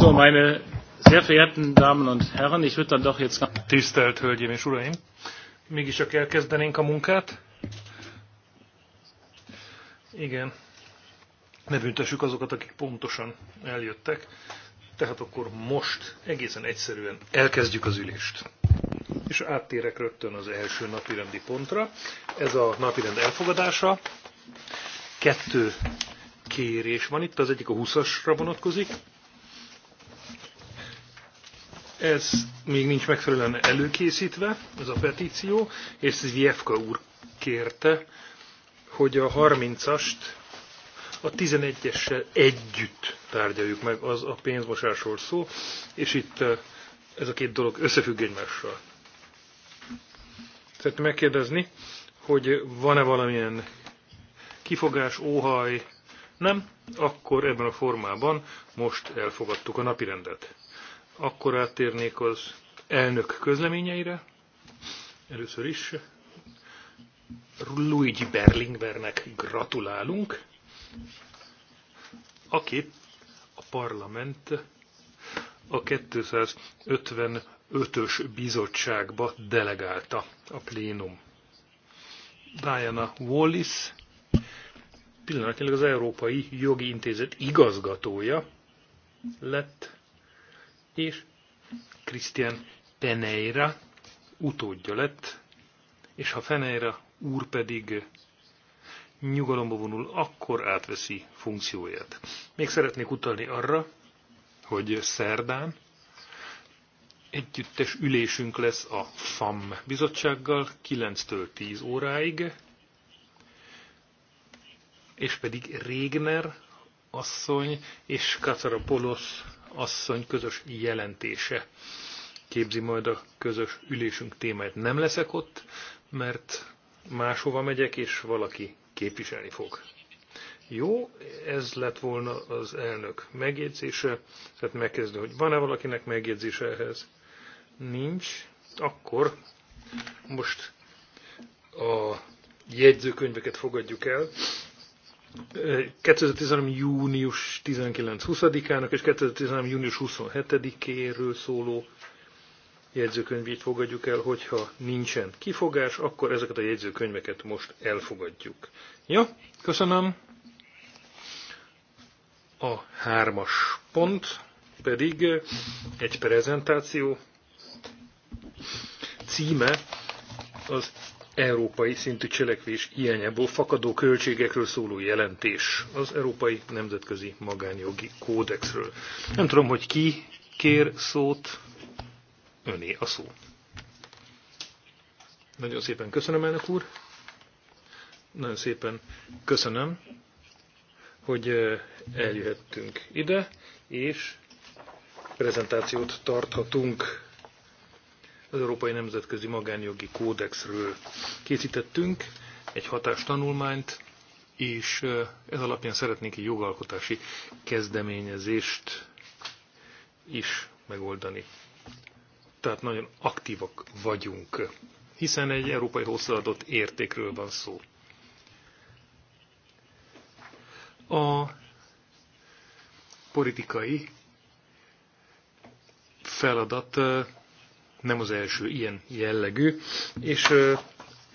So, meine sehr verehrten Damen und Herren, ich würde dann doch jetzt... Tisztelt Hölgyeim és Uraim! csak elkezdenénk a munkát. Igen. Ne büntessük azokat, akik pontosan eljöttek. Tehát akkor most egészen egyszerűen elkezdjük az ülést. És áttérek rögtön az első napirendi pontra. Ez a napirend elfogadása. Kettő kérés van itt, az egyik a 20-asra vonatkozik, ez még nincs megfelelően előkészítve, ez a petíció, és Zvjevka úr kérte, hogy a 30-ast a 11-essel együtt tárgyaljuk meg, az a pénzmosásról szó, és itt ez a két dolog összefügg egymással. Szeretném megkérdezni, hogy van-e valamilyen kifogás, óhaj, nem, akkor ebben a formában most elfogadtuk a napirendet. Akkor áttérnék az elnök közleményeire. Először is Luigi Berlingbernek gratulálunk, akit a parlament a 255-ös bizottságba delegálta a plénum. Diana Wallis pillanatnyilag az Európai Jogi Intézet igazgatója lett, és Christian Peneira utódja lett, és ha Peneira úr pedig nyugalomba vonul, akkor átveszi funkcióját. Még szeretnék utalni arra, hogy szerdán együttes ülésünk lesz a FAM bizottsággal 9-től 10 óráig, és pedig Régner asszony és Katarapolos asszony közös jelentése képzi majd a közös ülésünk témáját. Nem leszek ott, mert máshova megyek, és valaki képviselni fog. Jó, ez lett volna az elnök megjegyzése, tehát megkezdő, hogy van-e valakinek megjegyzése ehhez? Nincs. Akkor most a jegyzőkönyveket fogadjuk el. 2013. június 19-20-ának és 2013. június 27-éről szóló jegyzőkönyvét fogadjuk el, hogyha nincsen kifogás, akkor ezeket a jegyzőkönyveket most elfogadjuk. Ja, köszönöm. A hármas pont pedig egy prezentáció címe az európai szintű cselekvés hiányából fakadó költségekről szóló jelentés az Európai Nemzetközi Magánjogi Kódexről. Nem tudom, hogy ki kér szót, öné a szó. Nagyon szépen köszönöm, elnök úr. Nagyon szépen köszönöm, hogy eh, eljöhettünk ide, és prezentációt tarthatunk az Európai Nemzetközi Magánjogi Kódexről készítettünk egy hatástanulmányt, és ez alapján szeretnénk egy jogalkotási kezdeményezést is megoldani. Tehát nagyon aktívak vagyunk, hiszen egy európai hozzáadott értékről van szó. A politikai feladat nem az első ilyen jellegű, és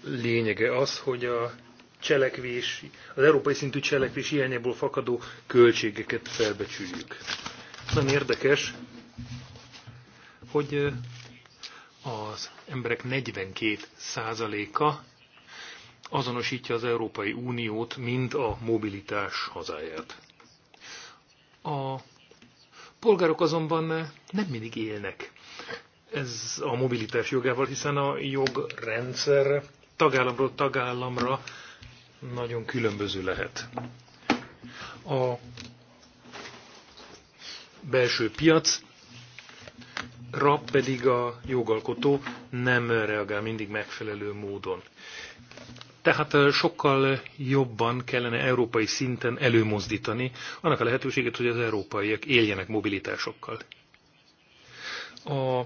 lényege az, hogy a cselekvés, az európai szintű cselekvés hiányából fakadó költségeket felbecsüljük. Nagyon érdekes, hogy az emberek 42%-a azonosítja az Európai Uniót, mint a mobilitás hazáját. A polgárok azonban nem mindig élnek ez a mobilitás jogával, hiszen a jogrendszer tagállamról tagállamra nagyon különböző lehet. A belső piac, rap pedig a jogalkotó nem reagál mindig megfelelő módon. Tehát sokkal jobban kellene európai szinten előmozdítani annak a lehetőséget, hogy az európaiak éljenek mobilitásokkal. A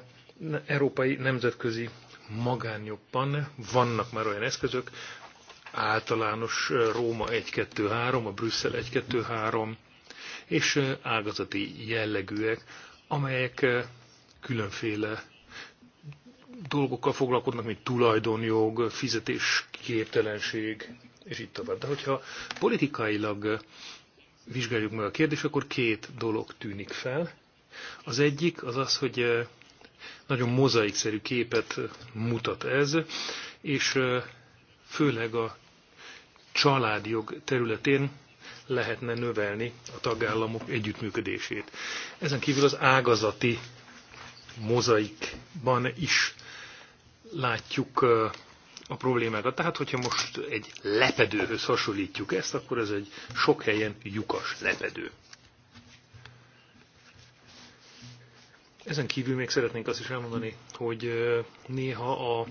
európai nemzetközi magánjogban vannak már olyan eszközök, általános Róma 1-2-3, a Brüsszel 1-2-3, és ágazati jellegűek, amelyek különféle dolgokkal foglalkoznak, mint tulajdonjog, fizetésképtelenség, és így tovább. De hogyha politikailag vizsgáljuk meg a kérdést, akkor két dolog tűnik fel. Az egyik az az, hogy nagyon mozaikszerű képet mutat ez, és főleg a családjog területén lehetne növelni a tagállamok együttműködését. Ezen kívül az ágazati mozaikban is látjuk a problémákat. Tehát, hogyha most egy lepedőhöz hasonlítjuk ezt, akkor ez egy sok helyen lyukas lepedő. Ezen kívül még szeretnénk azt is elmondani, hogy néha a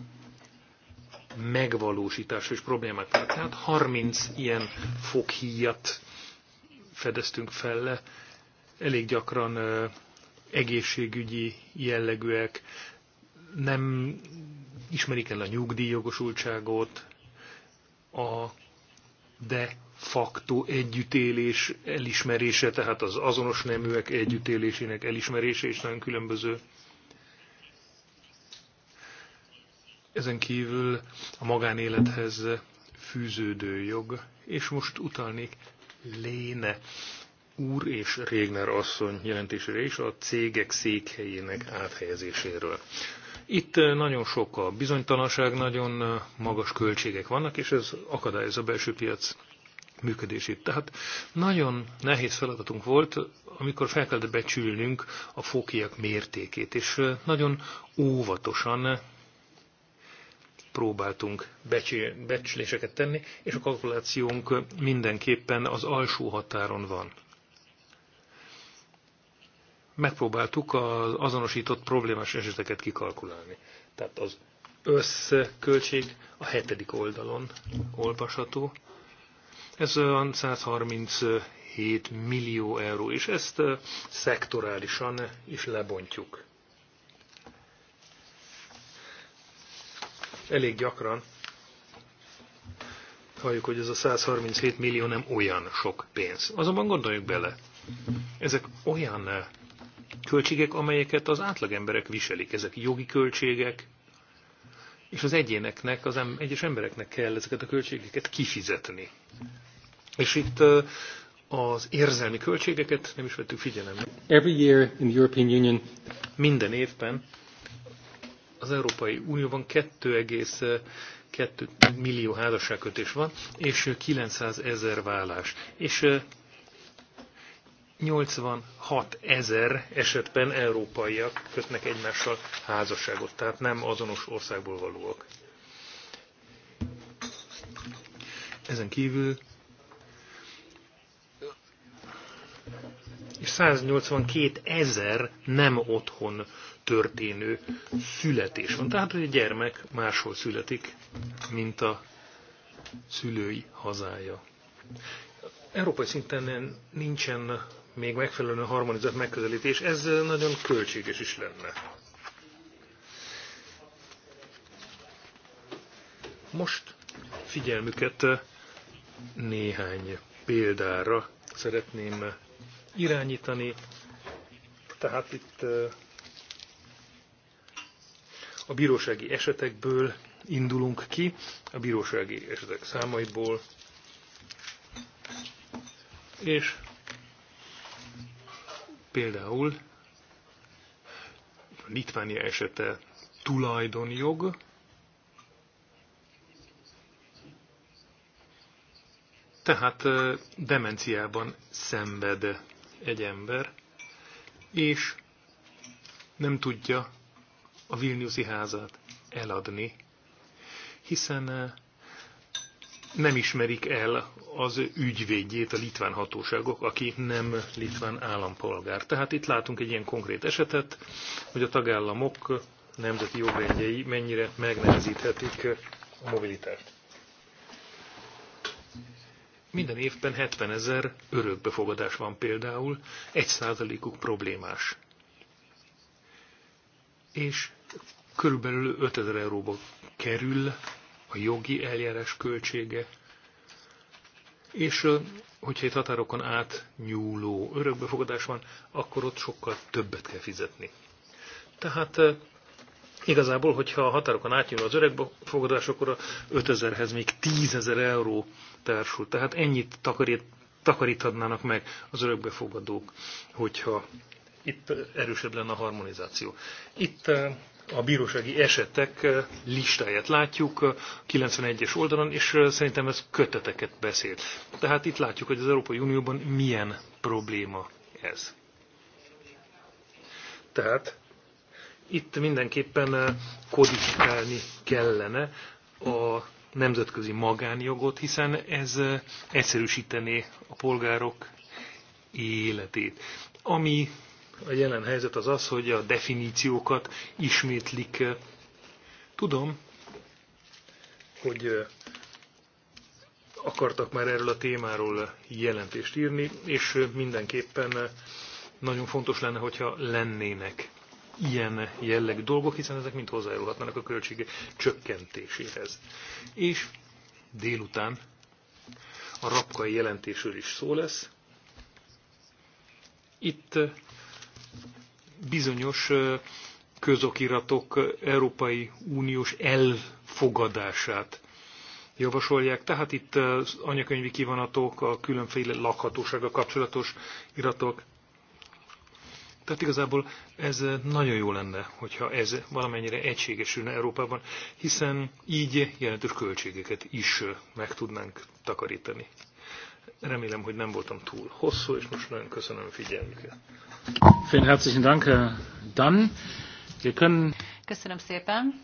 megvalósítás és problémák. Tehát 30 ilyen foghíjat fedeztünk fel le, elég gyakran egészségügyi jellegűek, nem ismerik el a nyugdíjjogosultságot, a, de facto együttélés elismerése, tehát az azonos neműek együttélésének elismerése is nagyon különböző. Ezen kívül a magánélethez fűződő jog, és most utalnék Léne úr és Régner asszony jelentésére is a cégek székhelyének áthelyezéséről. Itt nagyon sok a bizonytalanság, nagyon magas költségek vannak, és ez akadályoz a belső piac működését. Tehát nagyon nehéz feladatunk volt, amikor fel kellett becsülnünk a fókiak mértékét, és nagyon óvatosan próbáltunk becsléseket tenni, és a kalkulációnk mindenképpen az alsó határon van. Megpróbáltuk az azonosított problémás eseteket kikalkulálni. Tehát az összköltség a hetedik oldalon olvasható. Ez 137 millió euró, és ezt szektorálisan is lebontjuk. Elég gyakran halljuk, hogy ez a 137 millió nem olyan sok pénz. Azonban gondoljuk bele, ezek olyan költségek, amelyeket az átlagemberek viselik. Ezek jogi költségek, és az egyéneknek, az egyes embereknek kell ezeket a költségeket kifizetni. És itt az érzelmi költségeket nem is vettük figyelembe. Every year in the European Union. Minden évben az Európai Unióban 2,2 millió házasságkötés van, és 900 ezer vállás. És 86 ezer esetben európaiak kötnek egymással házasságot, tehát nem azonos országból valóak. Ezen kívül és 182 ezer nem otthon történő születés van. Tehát, hogy a gyermek máshol születik, mint a szülői hazája. Európai szinten nincsen még megfelelően harmonizált megközelítés, ez nagyon költséges is lenne. Most figyelmüket néhány példára szeretném irányítani. Tehát itt a bírósági esetekből indulunk ki, a bírósági esetek számaiból, és például a Litvánia esete tulajdonjog, tehát demenciában szenved egy ember, és nem tudja a Vilniuszi házát eladni, hiszen eh, nem ismerik el az ügyvédjét a litván hatóságok, aki nem litván állampolgár. Tehát itt látunk egy ilyen konkrét esetet, hogy a tagállamok nemzeti jogrendjei mennyire megnehezíthetik a mobilitást. Minden évben 70 ezer örökbefogadás van például, egy százalékuk problémás. És körülbelül 5000 euróba kerül a jogi eljárás költsége, és hogyha egy határokon át nyúló örökbefogadás van, akkor ott sokkal többet kell fizetni. Tehát Igazából, hogyha a határokon átnyúl az fogadás, akkor a 5000-hez még 10.000 euró társul. Tehát ennyit takarít, takaríthatnának meg az örökbefogadók, hogyha itt erősebb lenne a harmonizáció. Itt eh, a bírósági esetek eh, listáját látjuk 91-es eh, oldalon, és szerintem ez köteteket beszél. Tehát itt látjuk, hogy az Európai Unióban milyen probléma ez. Tehát itt mindenképpen eh, kodifikálni kellene a nemzetközi magánjogot, hiszen ez eh, egyszerűsítené a polgárok életét. Ami a jelen helyzet az az, hogy a definíciókat ismétlik. Eh, tudom, hogy akartak már erről a témáról jelentést írni, és mindenképpen nagyon fontos lenne, hogyha lennének ilyen jellegű dolgok, hiszen ezek mind hozzájárulhatnának a költsége csökkentéséhez. És délután a rapkai jelentésről is szó lesz. Itt bizonyos közokiratok Európai Uniós elfogadását javasolják. Tehát itt az anyakönyvi kivonatok, a különféle lakhatósága kapcsolatos iratok, tehát igazából ez eh, nagyon jó lenne, hogyha ez valamennyire egységesülne Európában, hiszen így jelentős költségeket is eh, meg tudnánk takarítani. Remélem, hogy nem voltam túl hosszú, és most nagyon köszönöm a figyelmüket. Vielen herzlichen Dank, Dan. Wir können... Köszönöm szépen.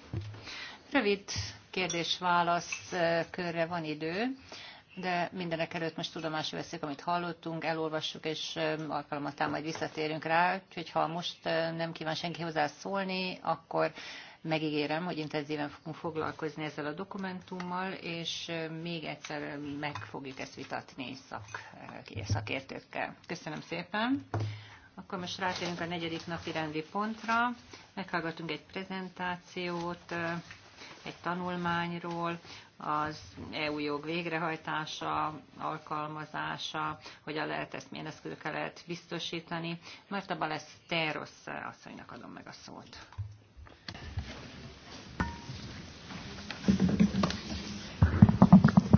Rövid kérdés-válasz eh, körre van idő de mindenek előtt most tudomásul veszik, amit hallottunk, elolvassuk, és alkalmattán majd visszatérünk rá. Úgyhogy ha most nem kíván senki hozzá szólni, akkor megígérem, hogy intenzíven fogunk foglalkozni ezzel a dokumentummal, és még egyszer meg fogjuk ezt vitatni szak, szakértőkkel. Köszönöm szépen! Akkor most rátérünk a negyedik napi rendi pontra. Meghallgatunk egy prezentációt egy tanulmányról, az EU jog végrehajtása, alkalmazása, hogyan lehet ezt, milyen eszközökkel lehet biztosítani. Marta Balesteros asszonynak adom meg a szót.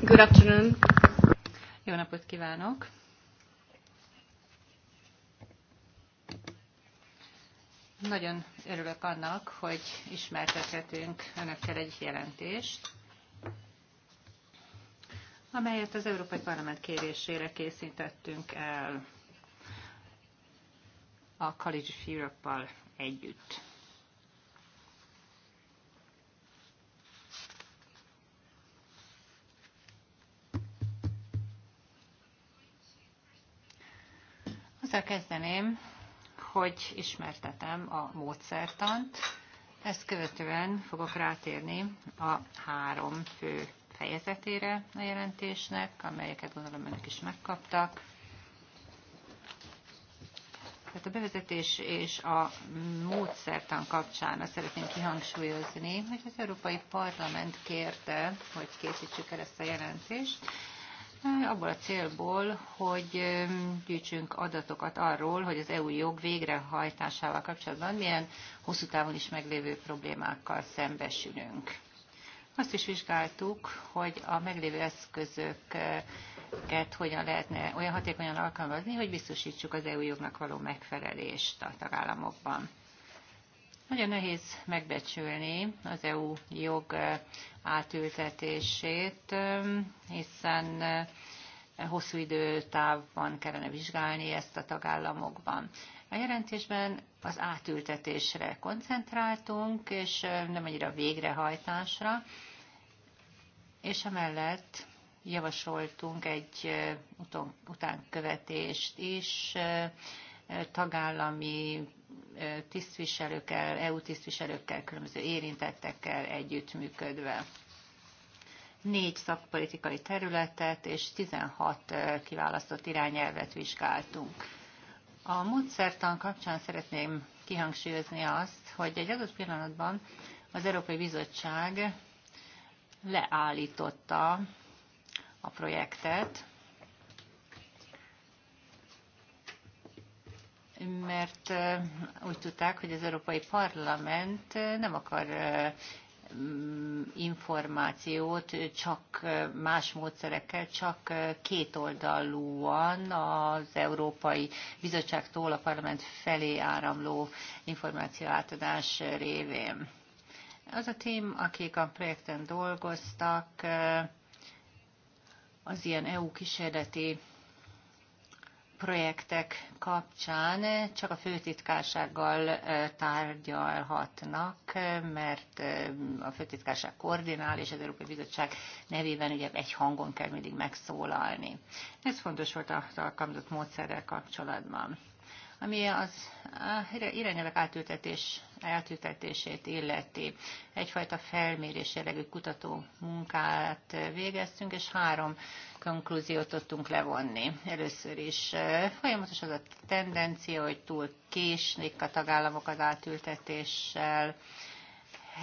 Good afternoon. Jó napot kívánok! Nagyon örülök annak, hogy ismertethetünk önökkel egy jelentést, amelyet az Európai Parlament kérésére készítettünk el a College of europe együtt. Azzal kezdeném, hogy ismertetem a módszertant. Ezt követően fogok rátérni a három fő fejezetére a jelentésnek, amelyeket gondolom önök is megkaptak. Tehát a bevezetés és a módszertan kapcsán azt szeretném kihangsúlyozni, hogy az Európai Parlament kérte, hogy készítsük el ezt a jelentést, abból a célból, hogy gyűjtsünk adatokat arról, hogy az EU jog végrehajtásával kapcsolatban milyen hosszú távon is meglévő problémákkal szembesülünk. Azt is vizsgáltuk, hogy a meglévő eszközöket hogyan lehetne olyan hatékonyan alkalmazni, hogy biztosítsuk az EU jognak való megfelelést a tagállamokban. Nagyon nehéz megbecsülni az EU jog átültetését, hiszen hosszú időtávban kellene vizsgálni ezt a tagállamokban. A jelentésben az átültetésre koncentráltunk, és nem annyira végrehajtásra, és emellett javasoltunk egy utánkövetést is, tagállami tisztviselőkkel, EU tisztviselőkkel, különböző érintettekkel együttműködve. Négy szakpolitikai területet és 16 kiválasztott irányelvet vizsgáltunk. A módszertan kapcsán szeretném kihangsúlyozni azt, hogy egy adott pillanatban az Európai Bizottság leállította a projektet, mert úgy tudták, hogy az Európai Parlament nem akar információt csak más módszerekkel, csak kétoldalúan az Európai Bizottságtól a parlament felé áramló információ átadás révén. Az a tím, akik a projekten dolgoztak, az ilyen EU kísérleti projektek kapcsán csak a főtitkársággal eh, tárgyalhatnak, eh, mert eh, a főtitkárság koordinál, és az Európai Bizottság nevében ugye egy hangon kell mindig megszólalni. Ez fontos volt a alkalmazott módszerrel kapcsolatban ami az irányelvek átültetés, átültetését illeti. Egyfajta felmérés jellegű kutató munkát végeztünk, és három konklúziót tudtunk levonni. Először is folyamatos az a tendencia, hogy túl késnék a tagállamok az átültetéssel,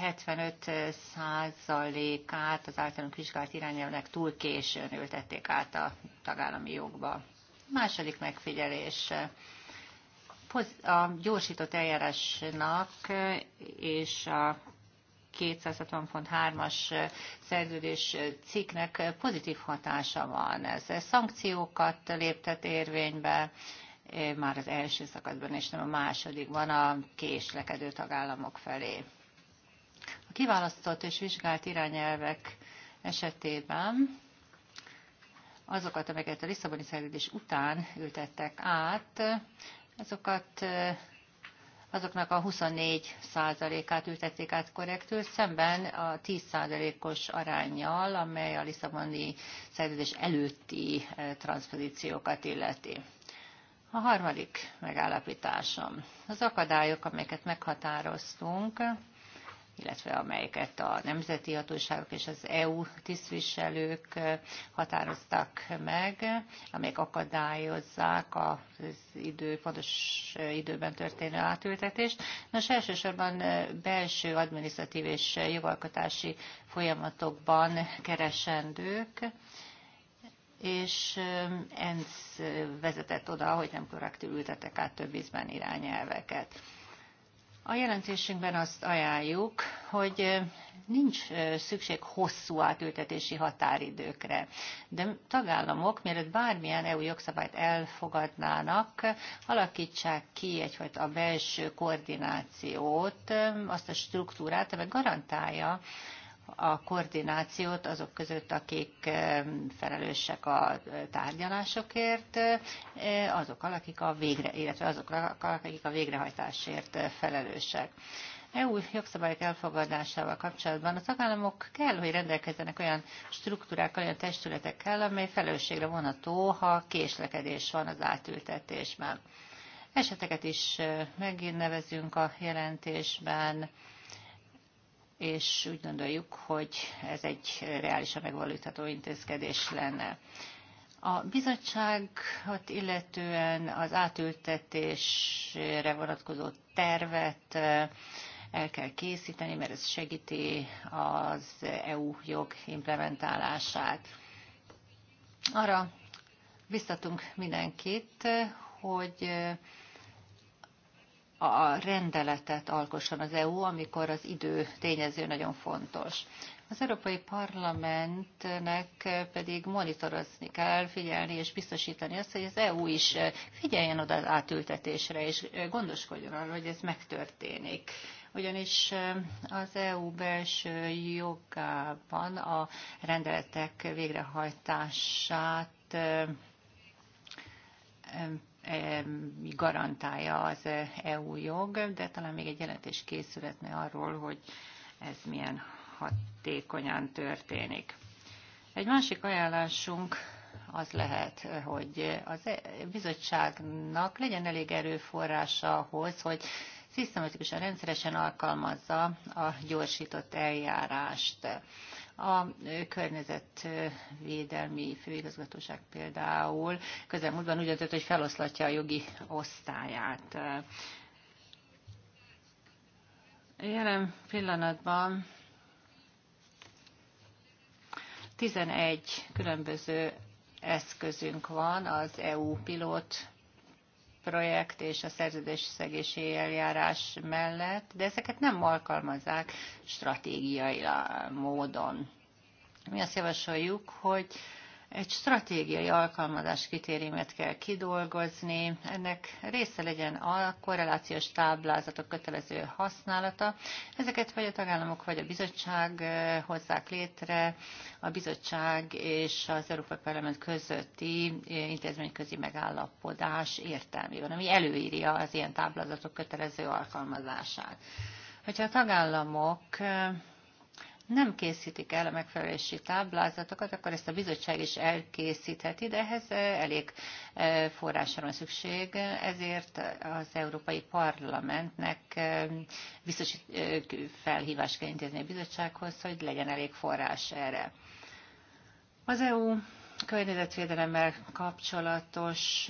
75 százalékát az általunk vizsgált irányelvnek túl későn ültették át a tagállami jogba. Második megfigyelés a gyorsított eljárásnak és a 3 as szerződés cikknek pozitív hatása van. Ez szankciókat léptet érvénybe, már az első szakaszban és nem a második van a késlekedő tagállamok felé. A kiválasztott és vizsgált irányelvek esetében azokat, amelyeket a Lisszaboni szerződés után ültettek át, azokat azoknak a 24 százalékát ültették át korrektül, szemben a 10 százalékos arányjal, amely a Lisszaboni szerződés előtti transzpozíciókat illeti. A harmadik megállapításom. Az akadályok, amelyeket meghatároztunk, illetve amelyeket a nemzeti hatóságok és az EU tisztviselők határoztak meg, amelyek akadályozzák az idő, pontos időben történő átültetést. Nos, elsősorban belső adminisztratív és jogalkotási folyamatokban keresendők, és ENSZ vezetett oda, hogy nem korrektül ültetek át több ízben irányelveket. A jelentésünkben azt ajánljuk, hogy nincs szükség hosszú átültetési határidőkre, de tagállamok, mielőtt bármilyen EU jogszabályt elfogadnának, alakítsák ki egyfajta a belső koordinációt, azt a struktúrát, amely garantálja, a koordinációt azok között, akik felelősek a tárgyalásokért, azok akik a végre, illetve azok, akik a végrehajtásért felelősek. EU jogszabályok elfogadásával kapcsolatban a tagállamok kell, hogy rendelkezzenek olyan struktúrákkal, olyan testületekkel, amely felelősségre vonható, ha késlekedés van az átültetésben. Eseteket is megint nevezünk a jelentésben és úgy gondoljuk, hogy ez egy reálisan megvalósítható intézkedés lenne. A bizottságot illetően az átültetésre vonatkozó tervet eh, el kell készíteni, mert ez segíti az EU jog implementálását. Arra biztatunk mindenkit, hogy eh, a rendeletet alkosson az EU, amikor az idő tényező nagyon fontos. Az Európai Parlamentnek pedig monitorozni kell, figyelni és biztosítani azt, hogy az EU is figyeljen oda az átültetésre, és gondoskodjon arról, hogy ez megtörténik ugyanis az EU belső jogában a rendeletek végrehajtását garantálja az EU jog, de talán még egy jelentés készületne arról, hogy ez milyen hatékonyan történik. Egy másik ajánlásunk az lehet, hogy az e- bizottságnak legyen elég erőforrása ahhoz, hogy szisztematikusan, rendszeresen alkalmazza a gyorsított eljárást. A környezetvédelmi főigazgatóság például közelmúltban úgy döntött, hogy feloszlatja a jogi osztályát. Jelen pillanatban 11 különböző eszközünk van az EU pilot projekt és a szerződésszegési eljárás mellett, de ezeket nem alkalmazzák stratégiai módon. Mi azt javasoljuk, hogy egy stratégiai alkalmazás kritériumát kell kidolgozni, ennek része legyen a korrelációs táblázatok kötelező használata. Ezeket vagy a tagállamok, vagy a bizottság eh, hozzák létre, a bizottság és az Európai Parlament közötti eh, intézményközi megállapodás értelmében, ami előírja az ilyen táblázatok kötelező alkalmazását. Hogyha a tagállamok eh, nem készítik el a megfelelési táblázatokat, akkor ezt a bizottság is elkészítheti, de ehhez eh, elég eh, forrásra van szükség, ezért az Európai Parlamentnek eh, biztos felhívást kell intézni a bizottsághoz, hogy legyen elég forrás erre. Az EU környezetvédelemmel kapcsolatos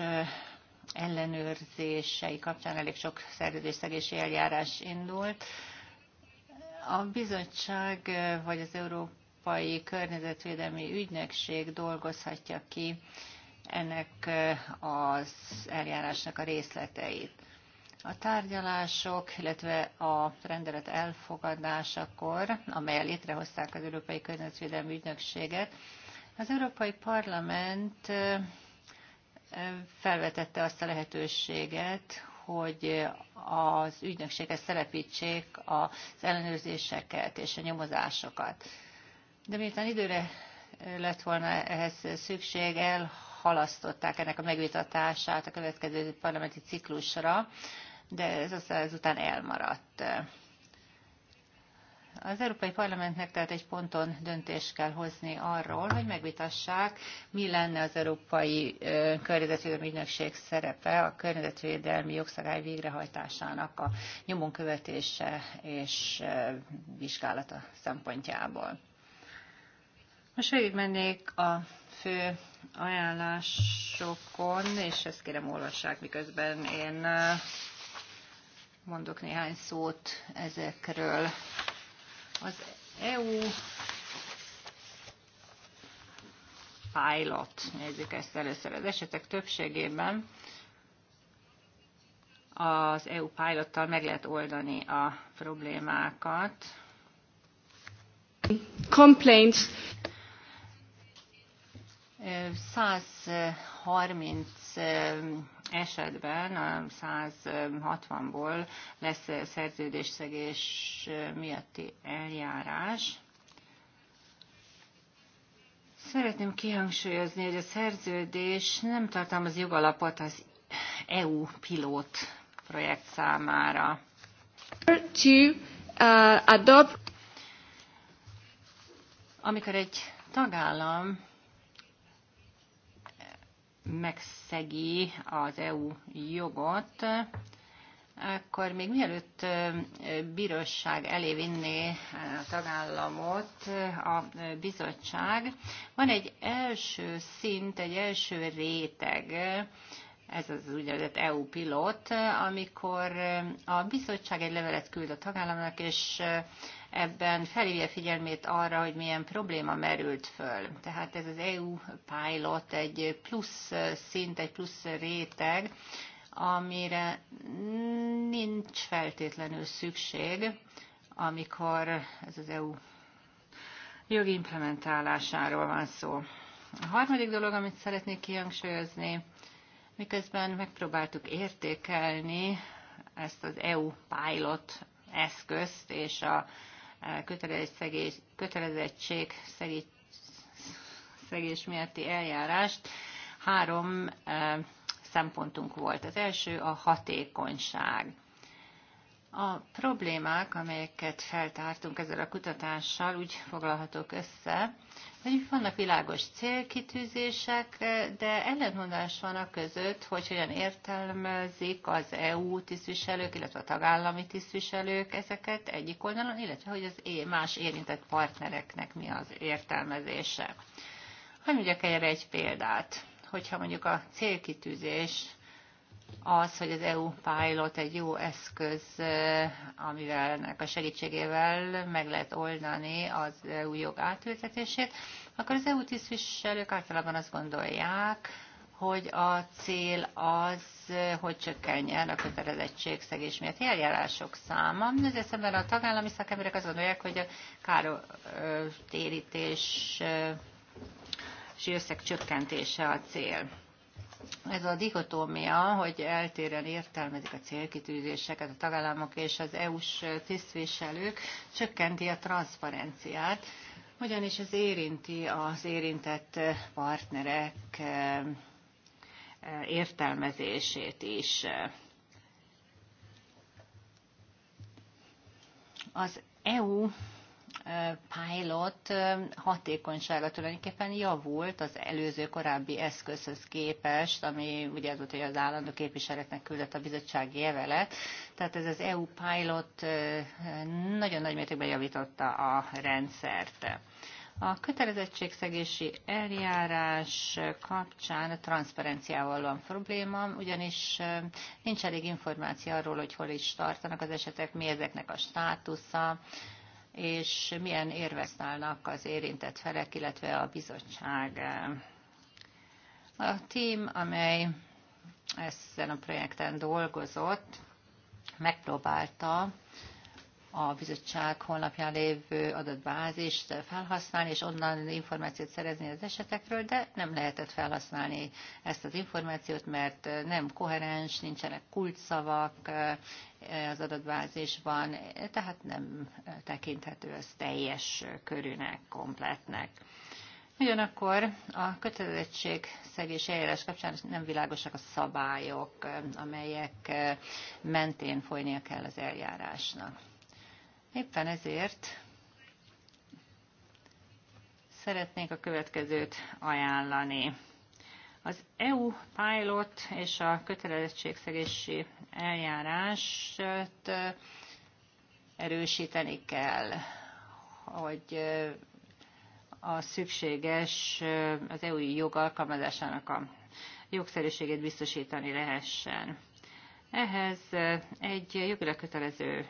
ellenőrzései kapcsán elég sok szerződésszegési eljárás indult. A bizottság eh, vagy az Európai Környezetvédelmi Ügynökség dolgozhatja ki ennek eh, az eljárásnak a részleteit. A tárgyalások, illetve a rendelet elfogadásakor, amelyel létrehozták az Európai Környezetvédelmi Ügynökséget, az Európai Parlament eh, felvetette azt a lehetőséget, hogy az ügynökséget szerepítsék az ellenőrzéseket és a nyomozásokat. De miután időre lett volna ehhez szükség, elhalasztották ennek a megvitatását a következő parlamenti ciklusra, de ez aztán ezután elmaradt. Az Európai Parlamentnek tehát egy ponton döntést kell hozni arról, hogy megvitassák, mi lenne az Európai Környezetvédelmi Ügynökség szerepe a környezetvédelmi jogszabály végrehajtásának a nyomon követése és vizsgálata szempontjából. Most végigmennék a fő ajánlásokon, és ezt kérem olvassák, miközben én mondok néhány szót ezekről az EU pilot, nézzük ezt először az esetek többségében, az EU pilottal meg lehet oldani a problémákat. Complaints. 130 esetben a 160-ból lesz szerződésszegés miatti eljárás. Szeretném kihangsúlyozni, hogy a szerződés nem tartalmaz jogalapot az EU pilót projekt számára. To, uh, adopt. Amikor egy tagállam megszegi az EU jogot, akkor még mielőtt bíróság elé vinné a tagállamot a bizottság, van egy első szint, egy első réteg, ez az úgynevezett EU pilot, amikor eh, a bizottság egy levelet küld a tagállamnak, és eh, ebben felhívja figyelmét arra, hogy milyen probléma merült föl. Tehát ez az EU pilot egy plusz eh, szint, egy plusz réteg, amire nincs feltétlenül szükség, amikor ez az EU jogi implementálásáról van szó. A harmadik dolog, amit szeretnék kihangsúlyozni, miközben megpróbáltuk értékelni ezt az EU pilot eszközt és a e, kötelezettség, szegés miatti eljárást, három e, szempontunk volt. Az első a hatékonyság. A problémák, amelyeket feltártunk ezzel a kutatással, úgy foglalhatók össze, hogy vannak világos célkitűzések, de ellentmondás van a között, hogy hogyan értelmezik az EU tisztviselők, illetve a tagállami tisztviselők ezeket egyik oldalon, illetve hogy az más érintett partnereknek mi az értelmezése. Hogy mondjak erre egy példát, hogyha mondjuk a célkitűzés az, hogy az EU Pilot egy jó eszköz, eh, amivel a segítségével meg lehet oldani az EU jog átültetését, akkor az EU tisztviselők általában azt gondolják, hogy a cél az, eh, hogy csökkenjen a szegés miatt eljárások száma. ez szemben a tagállami szakemberek azt gondolják, hogy a károtérítés eh, és összeg csökkentése a cél ez a dikotómia, hogy eltéren értelmezik a célkitűzéseket a tagállamok és az EU-s tisztviselők, csökkenti a transzparenciát, ugyanis ez érinti az érintett partnerek eh, eh, értelmezését is. Az EU pilot hatékonysága tulajdonképpen javult az előző korábbi eszközhöz képest, ami ugye az volt, hogy az állandó képviseletnek küldött a bizottsági levelet. Tehát ez az EU pilot nagyon nagy mértékben javította a rendszert. A kötelezettségszegési eljárás kapcsán a transzparenciával van probléma, ugyanis nincs elég információ arról, hogy hol is tartanak az esetek, mi ezeknek a státusza, és milyen érvek állnak az érintett felek, illetve a bizottság. A tím, amely ezen a projekten dolgozott, megpróbálta a bizottság honlapján lévő adatbázist felhasználni, és onnan információt szerezni az esetekről, de nem lehetett felhasználni ezt az információt, mert nem koherens, nincsenek kulcsszavak az adatbázisban, tehát nem tekinthető ez teljes körűnek, kompletnek. Ugyanakkor a kötelezettség szegés eljárás kapcsán nem világosak a szabályok, amelyek mentén folynia kell az eljárásnak. Éppen ezért szeretnék a következőt ajánlani. Az EU pilot és a kötelezettségszegési eljárást erősíteni kell, hogy a szükséges az EU jog alkalmazásának a jogszerűségét biztosítani lehessen. Ehhez egy jogra kötelező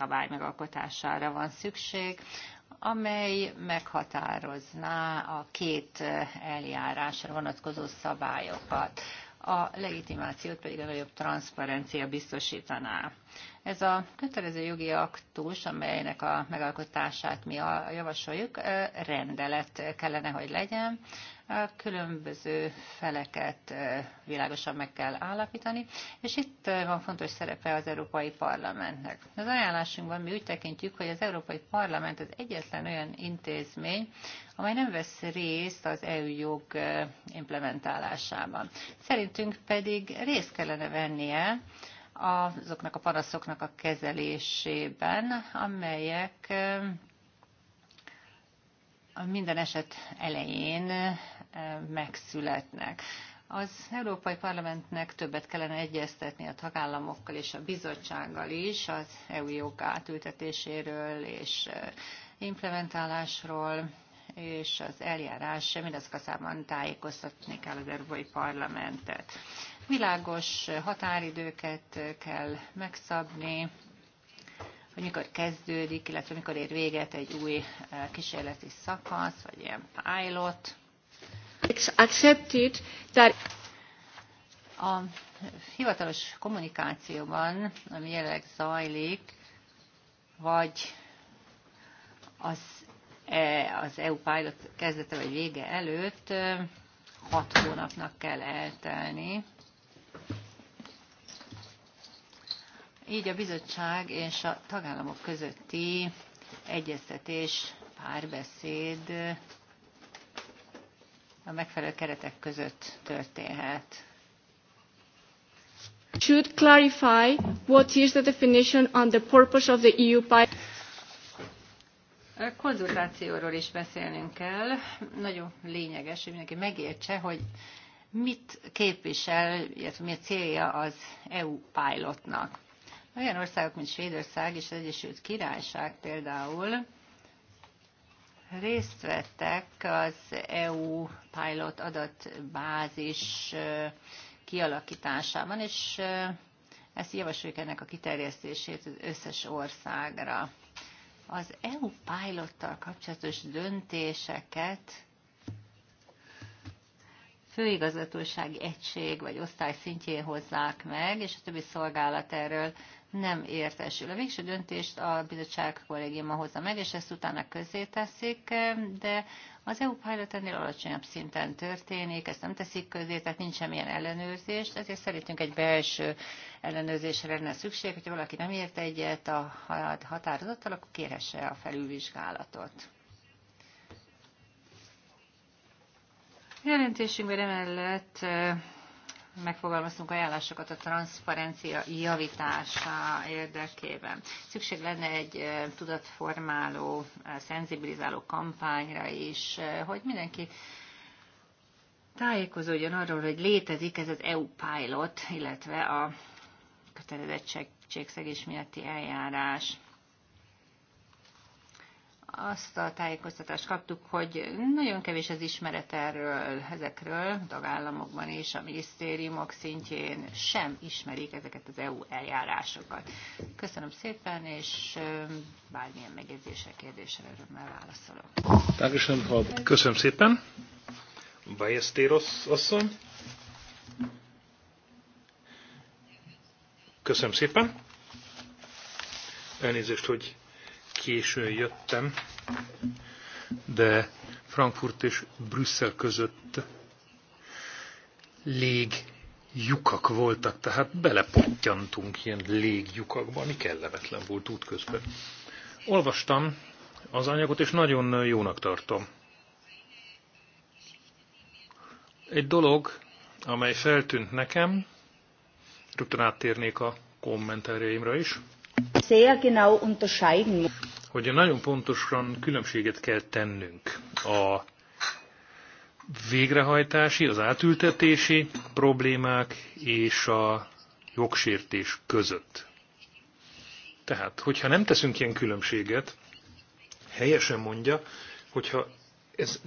szabály megalkotására van szükség, amely meghatározná a két eh, eljárásra vonatkozó szabályokat a legitimációt pedig a nagyobb transzparencia biztosítaná. Ez a kötelező jogi aktus, amelynek a megalkotását mi javasoljuk, rendelet kellene, hogy legyen. A különböző feleket világosan meg kell állapítani, és itt van fontos szerepe az Európai Parlamentnek. Az ajánlásunkban mi úgy tekintjük, hogy az Európai Parlament az egyetlen olyan intézmény, amely nem vesz részt az EU jog implementálásában. Szerintünk pedig részt kellene vennie azoknak a panaszoknak a kezelésében, amelyek minden eset elején megszületnek. Az Európai Parlamentnek többet kellene egyeztetni a tagállamokkal és a bizottsággal is az EU jog átültetéséről és implementálásról, és az eljárás kaszában tájékoztatni kell az Európai Parlamentet. Világos határidőket kell megszabni, hogy mikor kezdődik, illetve mikor ér véget egy új eh, kísérleti szakasz, vagy ilyen pilot. Accepted that a hivatalos kommunikációban, ami jelenleg zajlik, vagy az E, az EU pilot kezdete vagy vége előtt e, hat hónapnak kell eltelni. Így a bizottság és a tagállamok közötti egyeztetés, párbeszéd a megfelelő keretek között történhet. Should clarify what is the definition on the purpose of the EU pilot konzultációról is beszélnünk kell. Nagyon lényeges, hogy mindenki megértse, hogy mit képvisel, illetve mi a célja az EU pilotnak. Olyan országok, mint Svédország és az Egyesült Királyság például részt vettek az EU pilot adatbázis kialakításában, és ezt javasoljuk ennek a kiterjesztését az összes országra. Az EU pilottal kapcsolatos döntéseket főigazgatósági egység vagy osztály szintjén hozzák meg, és a többi szolgálat erről nem értesül. A végső döntést a bizottság kollégiuma hozza meg, és ezt utána közzé teszik, de az EU pilot ennél alacsonyabb szinten történik, ezt nem teszik közé, tehát nincs semmilyen ellenőrzés, ezért szerintünk egy belső ellenőrzésre lenne szükség, hogyha valaki nem ért egyet a határozattal, akkor kérhesse a felülvizsgálatot. Jelentésünkben emellett megfogalmaztunk ajánlásokat a transzparencia javítása érdekében. Szükség lenne egy tudatformáló, szenzibilizáló kampányra is, hogy mindenki tájékozódjon arról, hogy létezik ez az EU pilot, illetve a kötelezettségszegés miatti eljárás azt a tájékoztatást kaptuk, hogy nagyon kevés az ismeret erről, ezekről, tagállamokban és a minisztériumok szintjén sem ismerik ezeket az EU eljárásokat. Köszönöm szépen, és bármilyen megjegyzésre, kérdésre örömmel válaszolok. Köszönöm szépen. Bajesztéros asszony. Köszönöm szépen. Elnézést, hogy későn jöttem, de Frankfurt és Brüsszel között lég lyukak voltak, tehát belepottyantunk ilyen légjukakba, ami kellemetlen volt útközben. Olvastam az anyagot, és nagyon jónak tartom. Egy dolog, amely feltűnt nekem, rögtön áttérnék a kommentárjaimra is, hogy nagyon pontosan különbséget kell tennünk a végrehajtási, az átültetési problémák és a jogsértés között. Tehát, hogyha nem teszünk ilyen különbséget, helyesen mondja, hogyha ez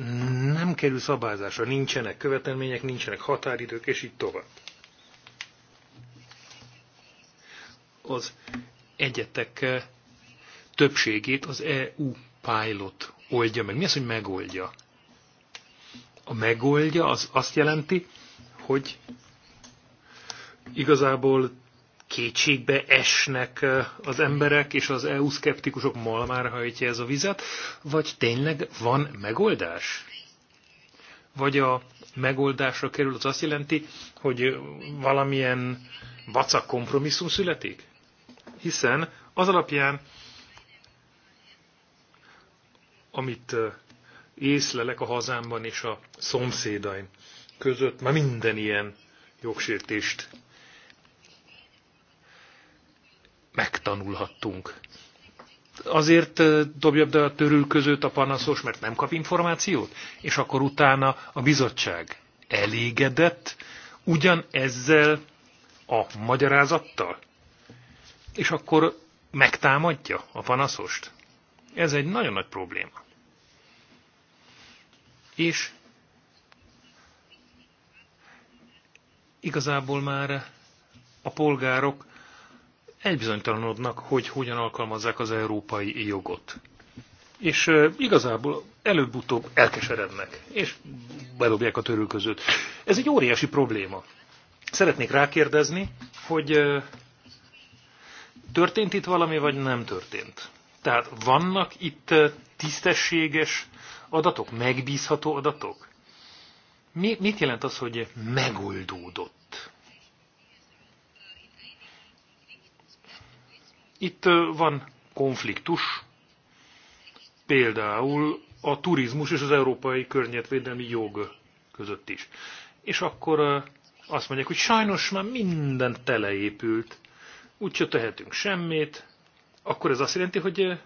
nem kerül szabályzásra, nincsenek követelmények, nincsenek határidők, és így tovább. Az egyetek eh, többségét az EU pilot oldja meg. Mi az, hogy megoldja? A megoldja az azt jelenti, hogy igazából kétségbe esnek eh, az emberek, és az EU szkeptikusok malmára hajtja ez a vizet, vagy tényleg van megoldás? Vagy a megoldásra kerül, az azt jelenti, hogy valamilyen vacak kompromisszum születik? hiszen az alapján, amit észlelek a hazámban és a szomszédaim között, már minden ilyen jogsértést megtanulhattunk. Azért dobja be a törülközőt a panaszos, mert nem kap információt, és akkor utána a bizottság elégedett ugyan ezzel a magyarázattal? és akkor megtámadja a panaszost. Ez egy nagyon nagy probléma. És igazából már a polgárok elbizonytalanodnak, hogy hogyan alkalmazzák az európai jogot. És igazából előbb-utóbb elkeserednek, és bedobják a törülközőt. Ez egy óriási probléma. Szeretnék rákérdezni, hogy Történt itt valami, vagy nem történt? Tehát vannak itt tisztességes adatok, megbízható adatok? Mi, mit jelent az, hogy megoldódott? Itt van konfliktus, például a turizmus és az európai környezetvédelmi jog között is. És akkor azt mondják, hogy sajnos már minden teleépült, úgyse tehetünk semmit, akkor ez azt jelenti, hogy eh,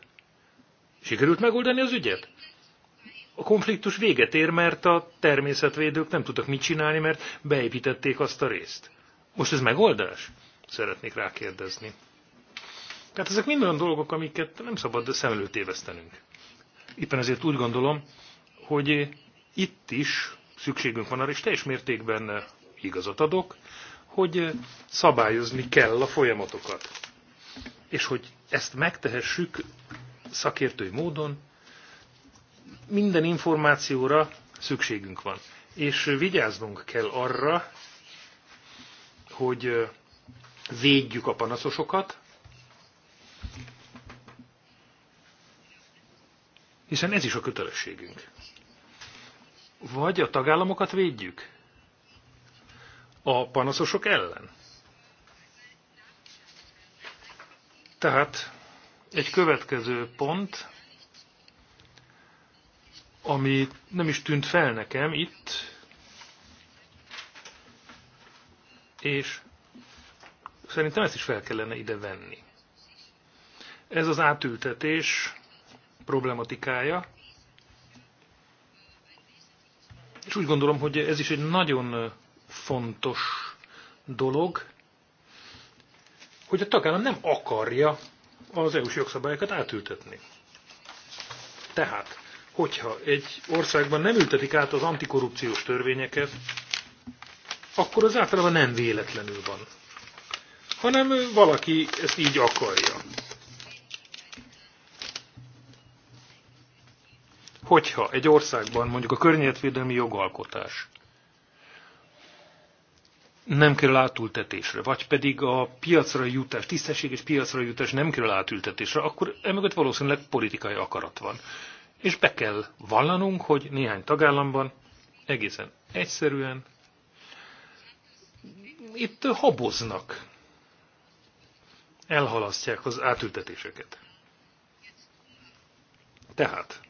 sikerült megoldani az ügyet? A konfliktus véget ér, mert a természetvédők nem tudtak mit csinálni, mert beépítették azt a részt. Most ez megoldás? Szeretnék rákérdezni. Tehát ezek mind olyan dolgok, amiket nem szabad szem előtt évesztenünk. Éppen ezért úgy gondolom, hogy itt is szükségünk van arra, és teljes mértékben eh, igazat adok, hogy szabályozni kell a folyamatokat. És hogy ezt megtehessük szakértői módon, minden információra szükségünk van. És vigyáznunk kell arra, hogy védjük a panaszosokat, hiszen ez is a kötelességünk. Vagy a tagállamokat védjük, a panaszosok ellen. Tehát egy következő pont, ami nem is tűnt fel nekem itt, és szerintem ezt is fel kellene ide venni. Ez az átültetés problematikája, és úgy gondolom, hogy ez is egy nagyon fontos dolog, hogy a tagállam nem akarja az EU-s jogszabályokat átültetni. Tehát, hogyha egy országban nem ültetik át az antikorrupciós törvényeket, akkor az általában nem véletlenül van, hanem valaki ezt így akarja. Hogyha egy országban mondjuk a környezetvédelmi jogalkotás nem kerül átültetésre, vagy pedig a piacra jutás, tisztességes piacra jutás nem kerül átültetésre, akkor emögött valószínűleg politikai akarat van. És be kell vallanunk, hogy néhány tagállamban egészen egyszerűen itt haboznak, elhalasztják az átültetéseket. Tehát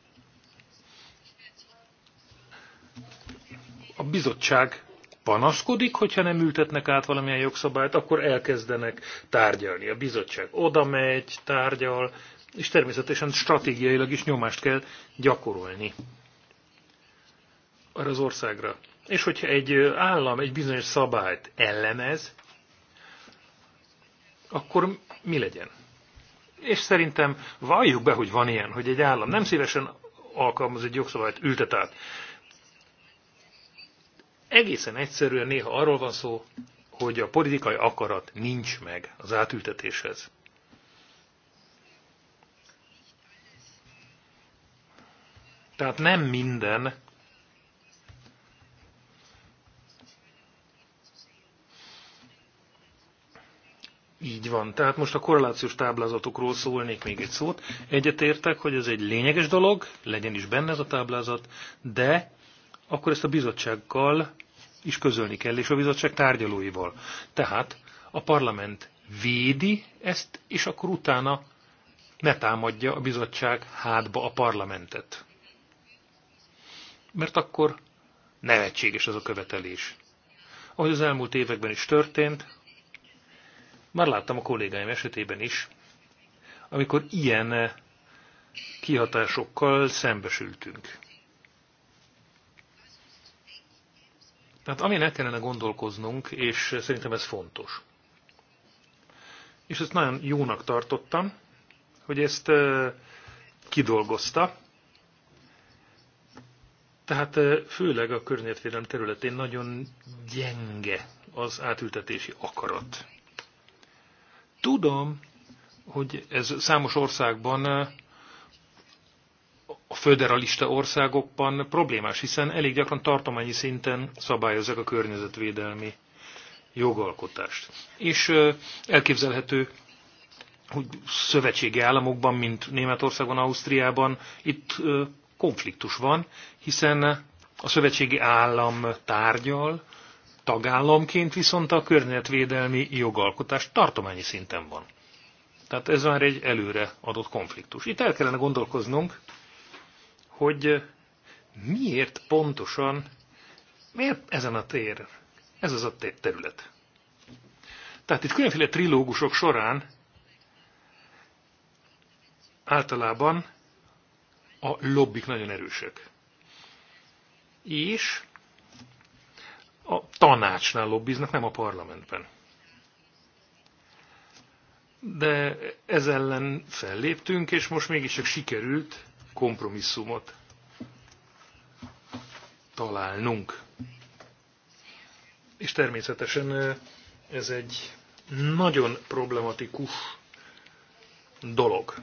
a bizottság panaszkodik, hogyha nem ültetnek át valamilyen jogszabályt, akkor elkezdenek tárgyalni. A bizottság oda megy, tárgyal, és természetesen stratégiailag is nyomást kell gyakorolni arra az országra. És hogyha egy állam egy bizonyos szabályt ellenez, akkor mi legyen? És szerintem valljuk be, hogy van ilyen, hogy egy állam nem szívesen alkalmaz egy jogszabályt, ültet át egészen egyszerűen néha arról van szó, hogy a politikai akarat nincs meg az átültetéshez. Tehát nem minden Így van. Tehát most a korrelációs táblázatokról szólnék még egy szót. Egyetértek, hogy ez egy lényeges dolog, legyen is benne ez a táblázat, de akkor ezt a bizottsággal is közölni kell, és a bizottság tárgyalóival. Tehát a parlament védi ezt, és akkor utána ne támadja a bizottság hátba a parlamentet. Mert akkor nevetséges ez a követelés. Ahogy az elmúlt években is történt, már láttam a kollégáim esetében is, amikor ilyen kihatásokkal szembesültünk. Tehát amin el kellene gondolkoznunk, és szerintem ez fontos. És ezt nagyon jónak tartottam, hogy ezt kidolgozta. Tehát főleg a környezetvédelem területén nagyon gyenge az átültetési akarat. Tudom, hogy ez számos országban föderalista országokban problémás, hiszen elég gyakran tartományi szinten szabályozzák a környezetvédelmi jogalkotást. És elképzelhető, hogy szövetségi államokban, mint Németországban, Ausztriában itt konfliktus van, hiszen a szövetségi állam tárgyal, tagállamként viszont a környezetvédelmi jogalkotás tartományi szinten van. Tehát ez már egy előre adott konfliktus. Itt el kellene gondolkoznunk hogy miért pontosan, miért ezen a tér, ez az a terület. Tehát itt különféle trilógusok során általában a lobbik nagyon erősek. És a tanácsnál lobbiznak, nem a parlamentben. De ez ellen felléptünk, és most mégiscsak sikerült kompromisszumot találnunk. És természetesen ez egy nagyon problematikus dolog.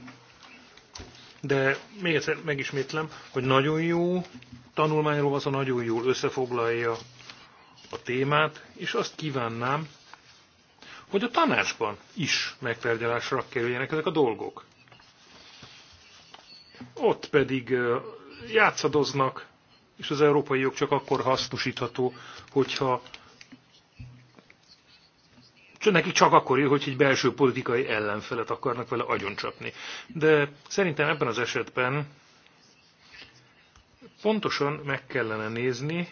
De még egyszer megismétlem, hogy nagyon jó tanulmányról van, nagyon jól összefoglalja a témát, és azt kívánnám, hogy a tanácsban is megtárgyalásra kerüljenek ezek a dolgok ott pedig játszadoznak, és az európai jog csak akkor hasznosítható, hogyha neki csak akkor jó, hogy egy belső politikai ellenfelet akarnak vele agyoncsapni. De szerintem ebben az esetben pontosan meg kellene nézni,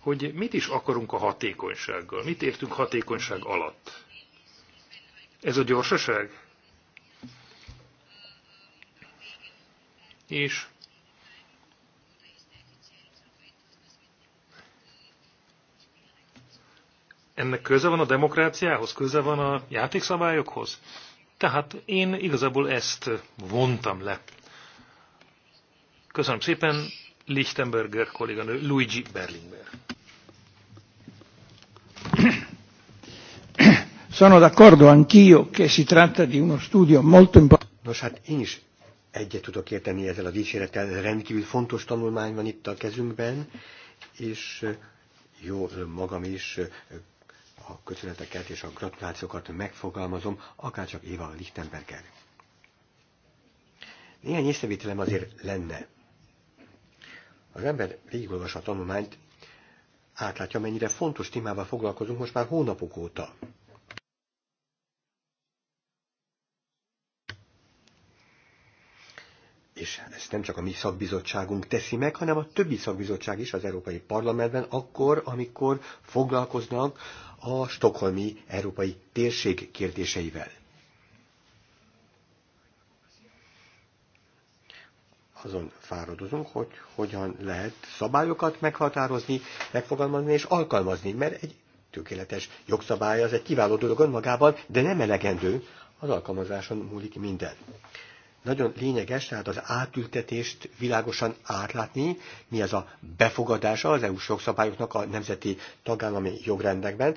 hogy mit is akarunk a hatékonysággal, mit értünk hatékonyság alatt. Ez a gyorsaság? és ennek köze van a demokráciához, köze van a játékszabályokhoz. Tehát én igazából ezt vontam le. Köszönöm szépen, Lichtenberger kolléganő, Luigi Berlinger. Sono d'accordo anch'io che si tratta di uno studio molto importante. Nos, hát én is egyet tudok érteni ezzel a dicsérettel, rendkívül fontos tanulmány van itt a kezünkben, és jó magam is a köszöneteket és a gratulációkat megfogalmazom, akárcsak Éva Lichtenberger. Néhány észrevételem azért lenne. Az ember végigolvas a tanulmányt, átlátja, mennyire fontos témával foglalkozunk most már hónapok óta. és ezt nem csak a mi szakbizottságunk teszi meg, hanem a többi szakbizottság is az Európai Parlamentben, akkor, amikor foglalkoznak a stokholmi európai térség kérdéseivel. azon fáradozunk, hogy hogyan lehet szabályokat meghatározni, megfogalmazni és alkalmazni, mert egy tökéletes jogszabály az egy kiváló dolog önmagában, de nem elegendő, az alkalmazáson múlik minden nagyon lényeges, tehát az átültetést világosan átlátni, mi az a befogadása az EU-s jogszabályoknak a nemzeti tagállami jogrendekben,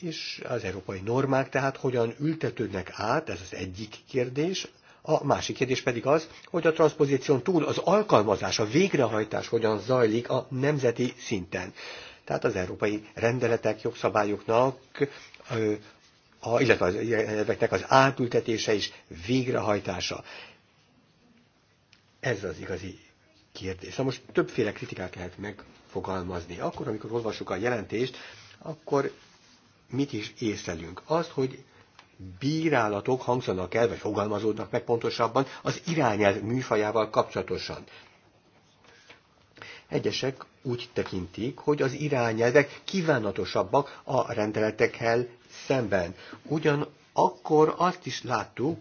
és az európai normák tehát hogyan ültetődnek át, ez az egyik kérdés, a másik kérdés pedig az, hogy a transpozíción túl az alkalmazás, a végrehajtás hogyan zajlik a nemzeti szinten. Tehát az európai rendeletek, jogszabályoknak a, illetve az elveknek az átültetése és végrehajtása. Ez az igazi kérdés. Na szóval most többféle kritikát lehet megfogalmazni. Akkor, amikor olvassuk a jelentést, akkor mit is észlelünk? Azt, hogy bírálatok hangzanak el, vagy fogalmazódnak meg pontosabban az irányelv műfajával kapcsolatosan. Egyesek úgy tekintik, hogy az irányelvek kívánatosabbak a rendeletekkel szemben. Ugyan akkor azt is láttuk,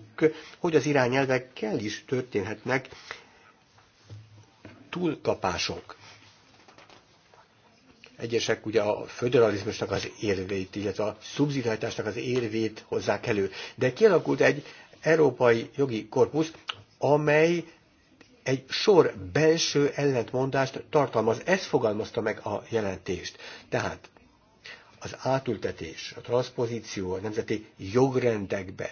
hogy az irányelvekkel is történhetnek túlkapások. Egyesek ugye a föderalizmusnak az érvét, illetve a szubszidiaritásnak az érvét hozzák elő. De kialakult egy európai jogi korpusz, amely egy sor belső ellentmondást tartalmaz. Ez fogalmazta meg a jelentést. Tehát az átültetés, a transzpozíció a nemzeti jogrendekbe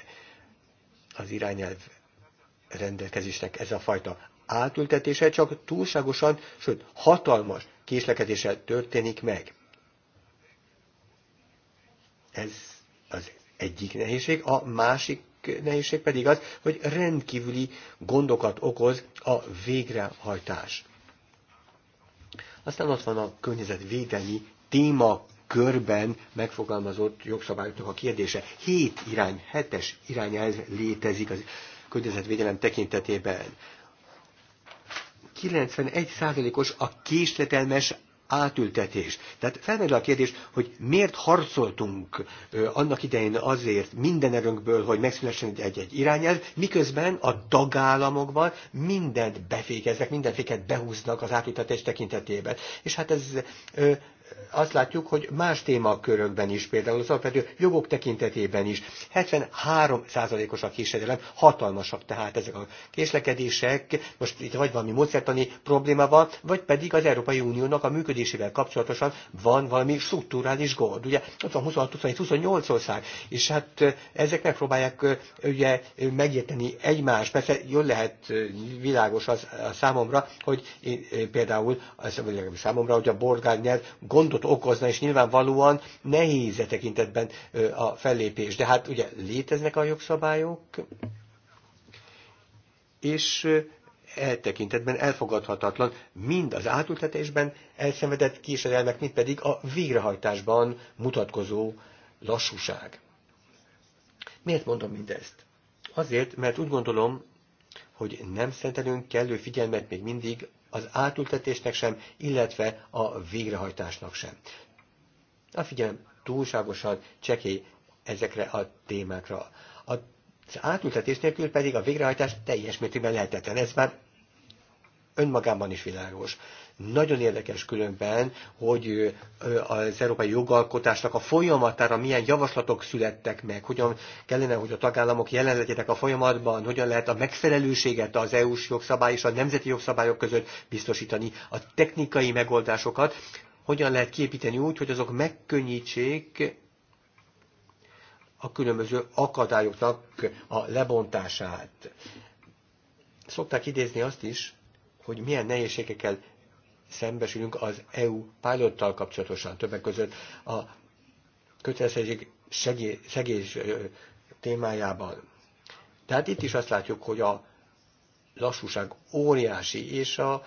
az irányelv rendelkezésnek ez a fajta átültetése csak túlságosan, sőt hatalmas késlekedése történik meg. Ez az egyik nehézség, a másik nehézség pedig az, hogy rendkívüli gondokat okoz a végrehajtás. Aztán ott van a környezetvédelmi témak körben megfogalmazott jogszabályoknak a kérdése. Hét irány, hetes ez létezik az környezetvédelem tekintetében. 91%-os a késletelmes átültetés. Tehát felmerül a kérdés, hogy miért harcoltunk ö, annak idején azért minden erőnkből, hogy megszülessen egy-egy irányelv, miközben a tagállamokban mindent befékeznek, mindenféket behúznak az átültetés tekintetében. És hát ez ö, azt látjuk, hogy más témakörökben is, például az alapvető jogok tekintetében is 73%-os a késedelem, hatalmasak tehát ezek a késlekedések, most itt vagy valami módszertani probléma van, vagy pedig az Európai Uniónak a működésével kapcsolatosan van valami strukturális gond. Ugye ott van 26, 27, 28 ország, és hát ezek megpróbálják ugye megérteni egymást. Persze jól lehet világos az a számomra, hogy én, például, számomra, hogy a nyelv gondot okozna, és nyilvánvalóan nehéz e tekintetben a fellépés. De hát ugye léteznek a jogszabályok, és e tekintetben elfogadhatatlan mind az átültetésben elszenvedett késedelmek, mint pedig a végrehajtásban mutatkozó lassúság. Miért mondom mindezt? Azért, mert úgy gondolom, hogy nem szentelünk kellő figyelmet még mindig az átültetésnek sem, illetve a végrehajtásnak sem. A figyelem túlságosan csekély ezekre a témákra. Az átültetés nélkül pedig a végrehajtás teljes mértékben lehetetlen. Ez már önmagában is világos. Nagyon érdekes különben, hogy az európai jogalkotásnak a folyamatára milyen javaslatok születtek meg, hogyan kellene, hogy a tagállamok jelen legyenek a folyamatban, hogyan lehet a megfelelőséget az EU-s jogszabály és a nemzeti jogszabályok között biztosítani, a technikai megoldásokat, hogyan lehet kiépíteni úgy, hogy azok megkönnyítsék a különböző akadályoknak a lebontását. Szokták idézni azt is, hogy milyen nehézségekkel szembesülünk az EU pilottal kapcsolatosan, többek között a kötelezettség szegés témájában. Tehát itt is azt látjuk, hogy a lassúság óriási, és a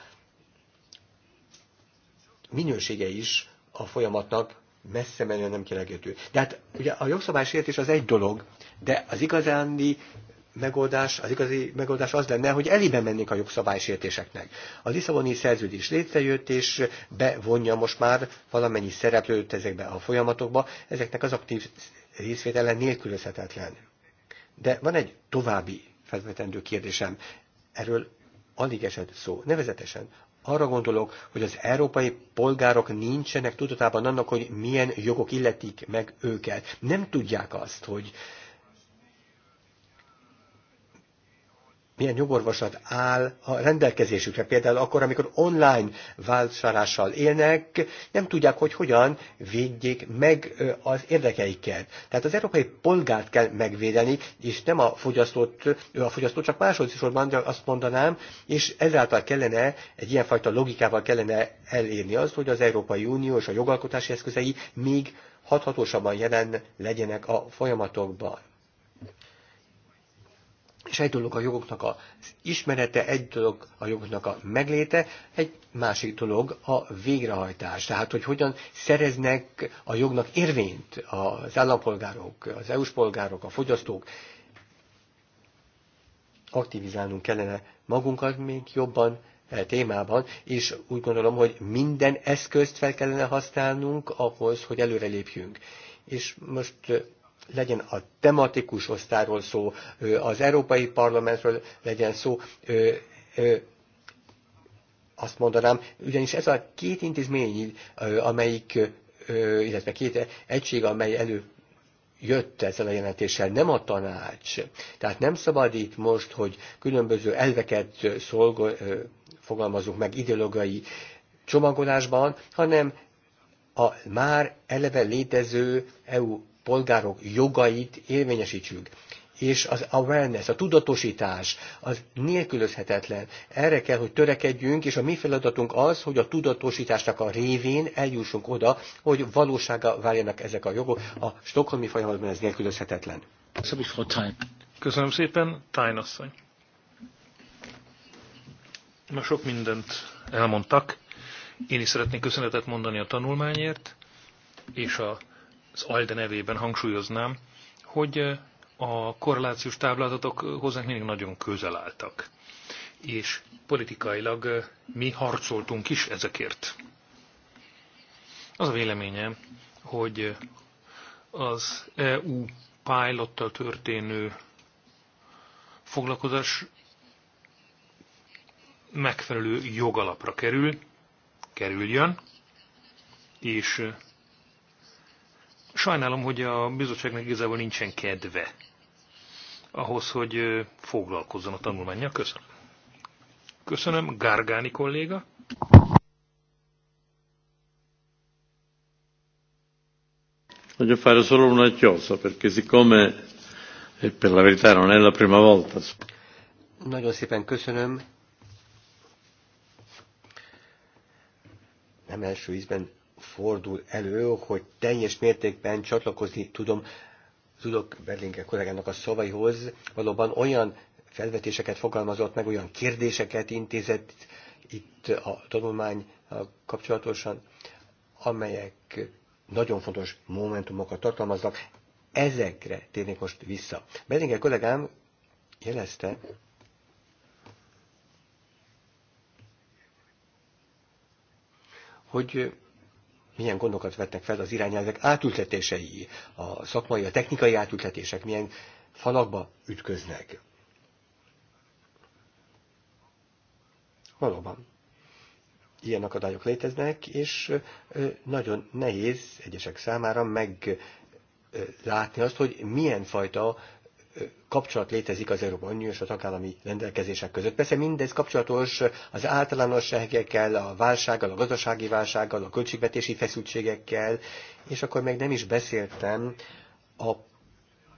minősége is a folyamatnak messze menően nem kielegítő. De hát ugye a is az egy dolog, de az igazándi megoldás, az igazi megoldás az lenne, hogy elébe mennénk a jogszabálysértéseknek. A Lisszaboni szerződés létrejött, és bevonja most már valamennyi szereplőt ezekbe a folyamatokba, ezeknek az aktív részvétele nélkülözhetetlen. De van egy további felvetendő kérdésem. Erről alig esett szó, nevezetesen arra gondolok, hogy az európai polgárok nincsenek tudatában annak, hogy milyen jogok illetik meg őket. Nem tudják azt, hogy milyen jogorvoslat áll a rendelkezésükre. Például akkor, amikor online vásárlással élnek, nem tudják, hogy hogyan védjék meg az érdekeiket. Tehát az európai polgárt kell megvédeni, és nem a fogyasztót, a fogyasztó csak másodszorban azt mondanám, és ezáltal kellene, egy ilyenfajta logikával kellene elérni azt, hogy az Európai Unió és a jogalkotási eszközei még hathatósabban jelen legyenek a folyamatokban és egy dolog a jogoknak az ismerete, egy dolog a jogoknak a megléte, egy másik dolog a végrehajtás. Tehát, hogy hogyan szereznek a jognak érvényt az állampolgárok, az EU-s polgárok, a fogyasztók. Aktivizálnunk kellene magunkat még jobban e témában, és úgy gondolom, hogy minden eszközt fel kellene használnunk ahhoz, hogy előrelépjünk. És most legyen a tematikus osztáról szó, az Európai Parlamentről legyen szó, azt mondanám, ugyanis ez a két intézmény, amelyik, illetve két egység, amely elő jött ezzel a jelentéssel, nem a tanács. Tehát nem szabad itt most, hogy különböző elveket szolgo, fogalmazunk meg ideológiai csomagolásban, hanem a már eleve létező EU polgárok jogait érvényesítsük és az awareness, a tudatosítás, az nélkülözhetetlen. Erre kell, hogy törekedjünk, és a mi feladatunk az, hogy a tudatosításnak a révén eljussunk oda, hogy valósága váljanak ezek a jogok. A stokholmi folyamatban ez nélkülözhetetlen. Köszönöm szépen, Tájnasszony. Ma sok mindent elmondtak. Én is szeretnék köszönetet mondani a tanulmányért és a az ALDE nevében hangsúlyoznám, hogy a korrelációs táblázatok hozzánk mindig nagyon közel álltak. És politikailag mi harcoltunk is ezekért. Az a véleményem, hogy az EU pilottal történő foglalkozás megfelelő jogalapra kerül, kerüljön, és Sajnálom, hogy a bizottságnak igazából nincsen kedve ahhoz, hogy foglalkozzon a tanulmányjal. Köszönöm. Köszönöm, Gargáni kolléga. Voglio fare solo una chiosa, perché siccome e per la verità non è la prima volta. Nagyon szépen köszönöm. Nem első ízben fordul elő, hogy teljes mértékben csatlakozni tudom, tudok Berlinge kollégának a szavaihoz, valóban olyan felvetéseket fogalmazott meg, olyan kérdéseket intézett itt a tanulmány kapcsolatosan, amelyek nagyon fontos momentumokat tartalmaznak. Ezekre térnék most vissza. Berlinge kollégám jelezte, hogy milyen gondokat vetnek fel az irányelvek átültetései, a szakmai, a technikai átültetések milyen falakba ütköznek. Valóban. Ilyen akadályok léteznek, és nagyon nehéz egyesek számára meglátni azt, hogy milyen fajta kapcsolat létezik az Európai Unió és a tagállami rendelkezések között. Persze mindez kapcsolatos az általánosságekkel, a válsággal, a gazdasági válsággal, a költségvetési feszültségekkel, és akkor még nem is beszéltem a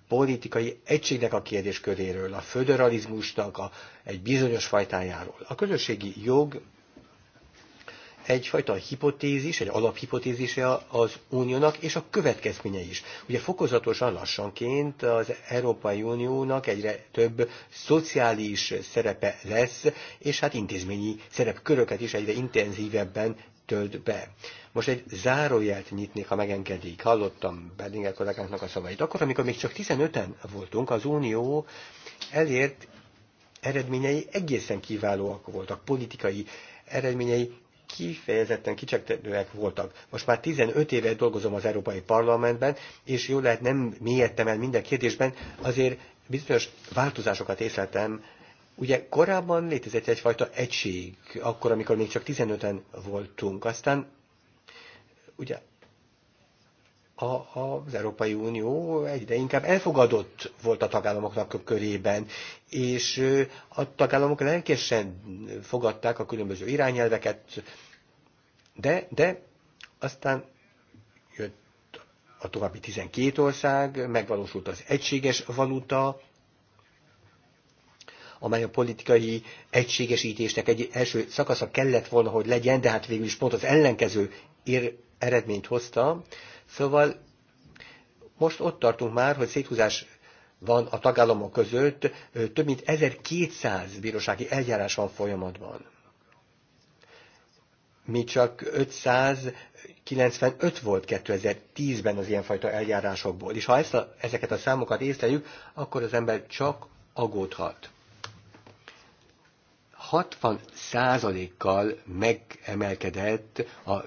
politikai egységnek a kérdésköréről, a föderalizmusnak a, egy bizonyos fajtájáról. A közösségi jog egyfajta hipotézis, egy alaphipotézise az uniónak, és a következménye is. Ugye fokozatosan lassanként az Európai Uniónak egyre több szociális szerepe lesz, és hát intézményi szerepköröket is egyre intenzívebben tölt be. Most egy zárójelt nyitnék, ha megengedik. Hallottam Berlinger kollégánknak a szavait. Akkor, amikor még csak 15-en voltunk, az Unió elért eredményei egészen kiválóak voltak, politikai eredményei kifejezetten kicsektetőek voltak. Most már 15 éve dolgozom az Európai Parlamentben, és jól lehet nem mélyedtem el minden kérdésben, azért bizonyos változásokat észleltem. Ugye korábban létezett egyfajta egység, akkor, amikor még csak 15-en voltunk. Aztán ugye a, az Európai Unió egyre inkább elfogadott volt a tagállamoknak körében, és a tagállamok lelkesen fogadták a különböző irányelveket, de, de aztán jött a további 12 ország, megvalósult az egységes valuta, amely a politikai egységesítésnek egy első szakasza kellett volna, hogy legyen, de hát végül is pont az ellenkező ér, eredményt hozta. Szóval most ott tartunk már, hogy széthúzás van a tagállamok között, több mint 1200 bírósági eljárás van folyamatban. Mi csak 595 volt 2010-ben az ilyenfajta eljárásokból. És ha ezt a, ezeket a számokat észleljük, akkor az ember csak agódhat. 60 százalékkal megemelkedett a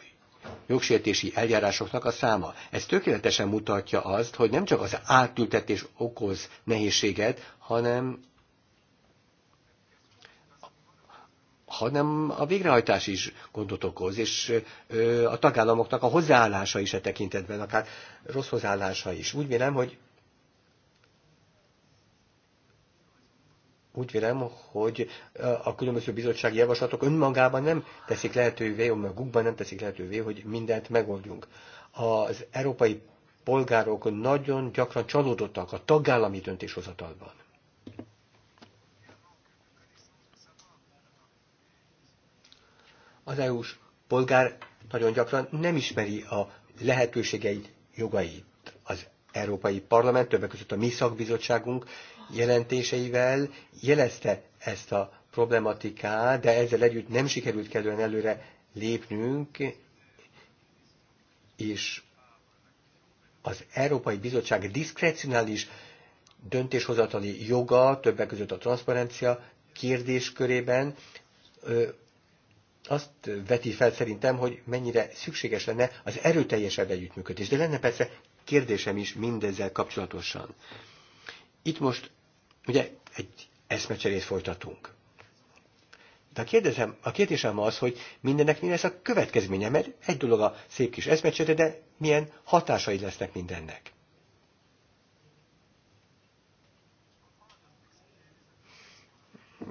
jogsértési eljárásoknak a száma. Ez tökéletesen mutatja azt, hogy nem csak az átültetés okoz nehézséget, hanem hanem a végrehajtás is gondot okoz, és a tagállamoknak a hozzáállása is e tekintetben, akár rossz hozzáállása is. Úgy vélem, hogy úgy vélem, hogy a különböző bizottsági javaslatok önmagában nem teszik lehetővé, magukban nem teszik lehetővé, hogy mindent megoldjunk. Az európai polgárok nagyon gyakran csalódottak a tagállami döntéshozatalban. Az EU-s polgár nagyon gyakran nem ismeri a lehetőségeit, jogait. Európai Parlament, többek között a mi szakbizottságunk jelentéseivel jelezte ezt a problematikát, de ezzel együtt nem sikerült kellően előre lépnünk, és az Európai Bizottság diszkrecionális döntéshozatali joga, többek között a transzparencia kérdéskörében azt veti fel szerintem, hogy mennyire szükséges lenne az erőteljesebb együttműködés. De lenne persze kérdésem is mindezzel kapcsolatosan. Itt most ugye egy eszmecserét folytatunk. De a, kérdezem, a kérdésem az, hogy mindennek mi lesz a következménye, mert egy dolog a szép kis eszmecsere, de milyen hatásai lesznek mindennek.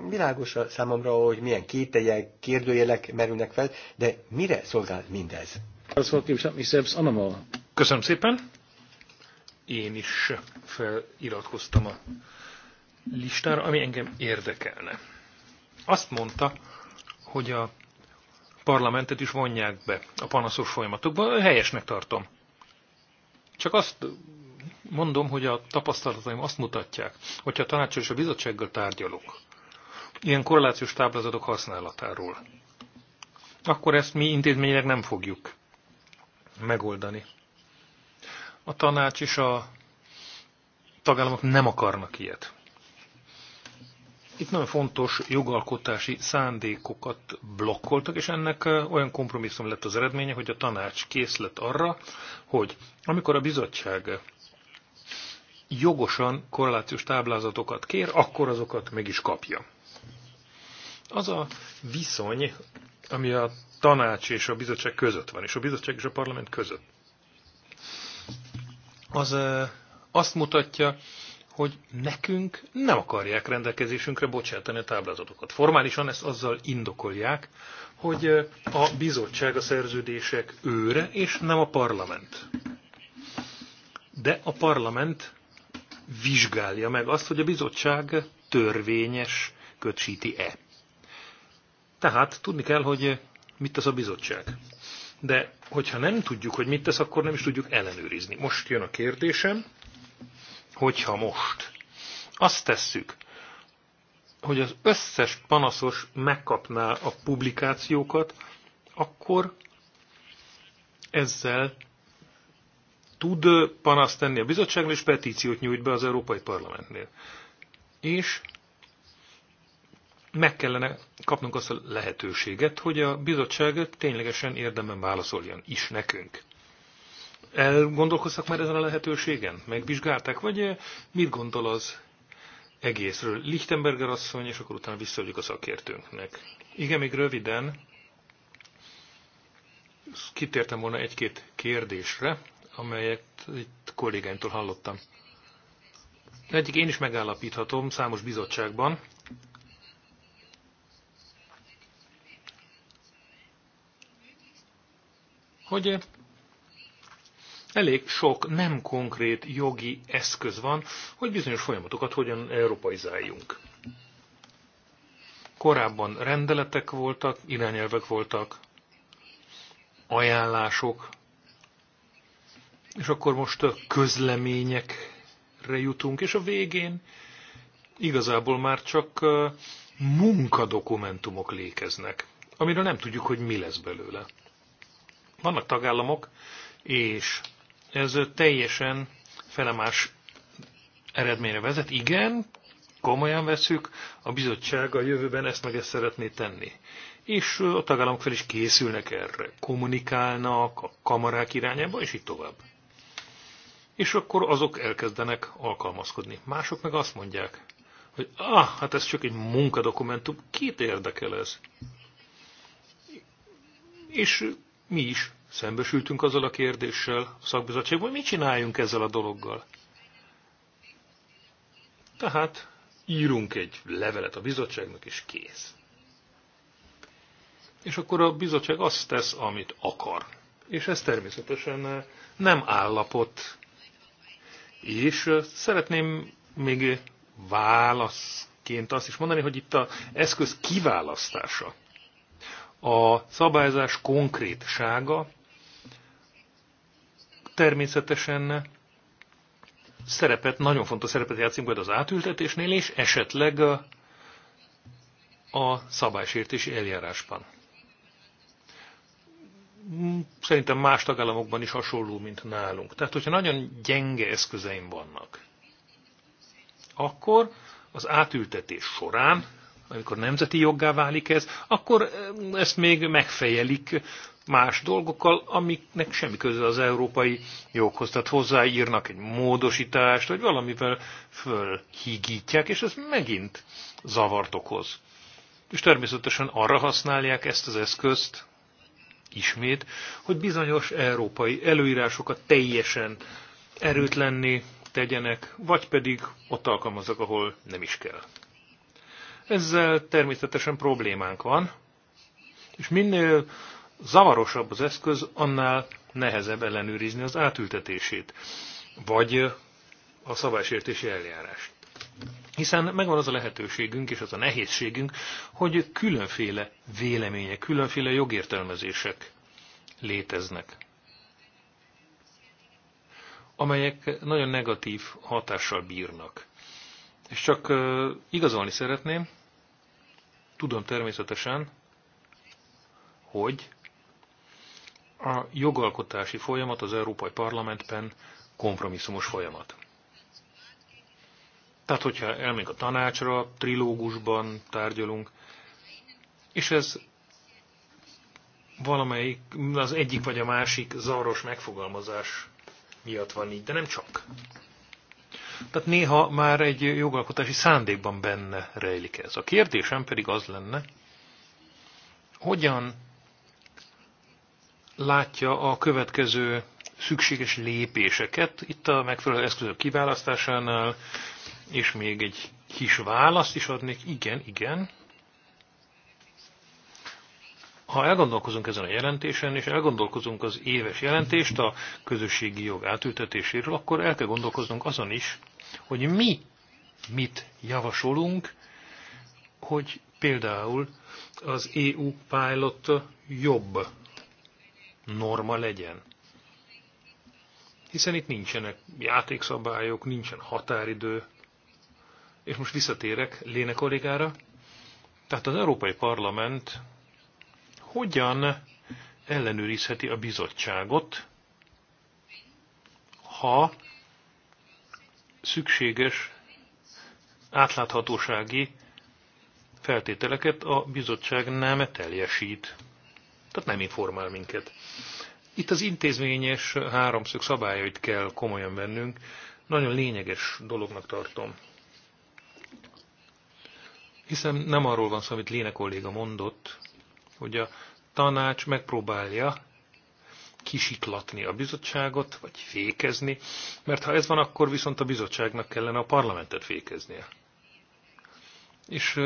Világos a számomra, hogy milyen kételyek, kérdőjelek merülnek fel, de mire szolgál mindez? Köszönöm szépen én is feliratkoztam a listára, ami engem érdekelne. Azt mondta, hogy a parlamentet is vonják be a panaszos folyamatokba, helyesnek tartom. Csak azt mondom, hogy a tapasztalataim azt mutatják, hogyha a tanácsos és a bizottsággal tárgyalok, ilyen korrelációs táblázatok használatáról, akkor ezt mi intézményleg nem fogjuk megoldani. A tanács és a tagállamok nem akarnak ilyet. Itt nagyon fontos jogalkotási szándékokat blokkoltak, és ennek olyan kompromisszum lett az eredménye, hogy a tanács kész lett arra, hogy amikor a bizottság jogosan korrelációs táblázatokat kér, akkor azokat meg is kapja. Az a viszony, ami a tanács és a bizottság között van, és a bizottság és a parlament között az azt mutatja, hogy nekünk nem akarják rendelkezésünkre bocsátani a táblázatokat. Formálisan ezt azzal indokolják, hogy a bizottság a szerződések őre, és nem a parlament. De a parlament vizsgálja meg azt, hogy a bizottság törvényes kötsíti-e. Tehát tudni kell, hogy mit az a bizottság. De hogyha nem tudjuk, hogy mit tesz, akkor nem is tudjuk ellenőrizni. Most jön a kérdésem, hogyha most azt tesszük, hogy az összes panaszos megkapná a publikációkat, akkor ezzel tud panaszt tenni a bizottságnál, és petíciót nyújt be az Európai Parlamentnél. És meg kellene kapnunk azt a lehetőséget, hogy a bizottság ténylegesen érdemben válaszoljon is nekünk. Elgondolkoztak már ezen a lehetőségen? Megvizsgálták? Vagy eh, mit gondol az egészről? Lichtenberger asszony, és akkor utána visszaadjuk a szakértőnknek. Igen, még röviden kitértem volna egy-két kérdésre, amelyet itt kollégáimtól hallottam. Egyik én is megállapíthatom számos bizottságban, hogy eh, elég sok nem konkrét jogi eszköz van, hogy bizonyos folyamatokat hogyan európaizáljunk. Korábban rendeletek voltak, irányelvek voltak, ajánlások, és akkor most a közleményekre jutunk, és a végén igazából már csak eh, munkadokumentumok lékeznek, amiről nem tudjuk, hogy mi lesz belőle. Vannak tagállamok, és ez teljesen felemás eredményre vezet. Igen, komolyan veszük, a bizottság a jövőben ezt meg ezt szeretné tenni. És a tagállamok fel is készülnek erre, kommunikálnak a kamarák irányába, és így tovább. És akkor azok elkezdenek alkalmazkodni. Mások meg azt mondják, hogy ah, hát ez csak egy munkadokumentum, két érdekel ez? És mi is szembesültünk azzal a kérdéssel a szakbizottságban, hogy mit csináljunk ezzel a dologgal. Tehát írunk egy levelet a bizottságnak, és kész. És akkor a bizottság azt tesz, amit akar. És ez természetesen nem állapot. És szeretném még válaszként azt is mondani, hogy itt az eszköz kiválasztása a szabályzás konkrétsága természetesen szerepet, nagyon fontos szerepet játszik majd az átültetésnél, és esetleg a, a szabálysértési eljárásban. Szerintem más tagállamokban is hasonló, mint nálunk. Tehát, hogyha nagyon gyenge eszközeim vannak, akkor az átültetés során amikor nemzeti joggá válik ez, akkor ezt még megfejelik más dolgokkal, amiknek semmi köze az európai joghoz. Tehát hozzáírnak egy módosítást, vagy valamivel fölhigítják, és ez megint zavart okoz. És természetesen arra használják ezt az eszközt, ismét, hogy bizonyos európai előírásokat teljesen erőtlenni tegyenek, vagy pedig ott alkalmazzak, ahol nem is kell. Ezzel természetesen problémánk van, és minél zavarosabb az eszköz, annál nehezebb ellenőrizni az átültetését, vagy a szabálysértési eljárást. Hiszen megvan az a lehetőségünk és az a nehézségünk, hogy különféle vélemények, különféle jogértelmezések léteznek, amelyek nagyon negatív hatással bírnak. És csak igazolni szeretném, Tudom természetesen, hogy a jogalkotási folyamat az Európai Parlamentben kompromisszumos folyamat. Tehát, hogyha elmegyünk a tanácsra, trilógusban tárgyalunk, és ez valamelyik, az egyik vagy a másik zavaros megfogalmazás miatt van így, de nem csak. Tehát néha már egy jogalkotási szándékban benne rejlik ez. A kérdésem pedig az lenne, hogyan látja a következő szükséges lépéseket itt a megfelelő eszközök kiválasztásánál, és még egy kis választ is adnék, igen, igen, ha elgondolkozunk ezen a jelentésen, és elgondolkozunk az éves jelentést a közösségi jog átültetéséről, akkor el kell gondolkoznunk azon is, hogy mi mit javasolunk, hogy például az EU pilot jobb norma legyen. Hiszen itt nincsenek játékszabályok, nincsen határidő. És most visszatérek Léne kollégára. Tehát az Európai Parlament hogyan ellenőrizheti a bizottságot, ha szükséges átláthatósági feltételeket a bizottság nem teljesít. Tehát nem informál minket. Itt az intézményes háromszög szabályait kell komolyan vennünk. Nagyon lényeges dolognak tartom. Hiszen nem arról van szó, amit Léne kolléga mondott, hogy a tanács megpróbálja kisiklatni a bizottságot, vagy fékezni, mert ha ez van, akkor viszont a bizottságnak kellene a parlamentet fékeznie. És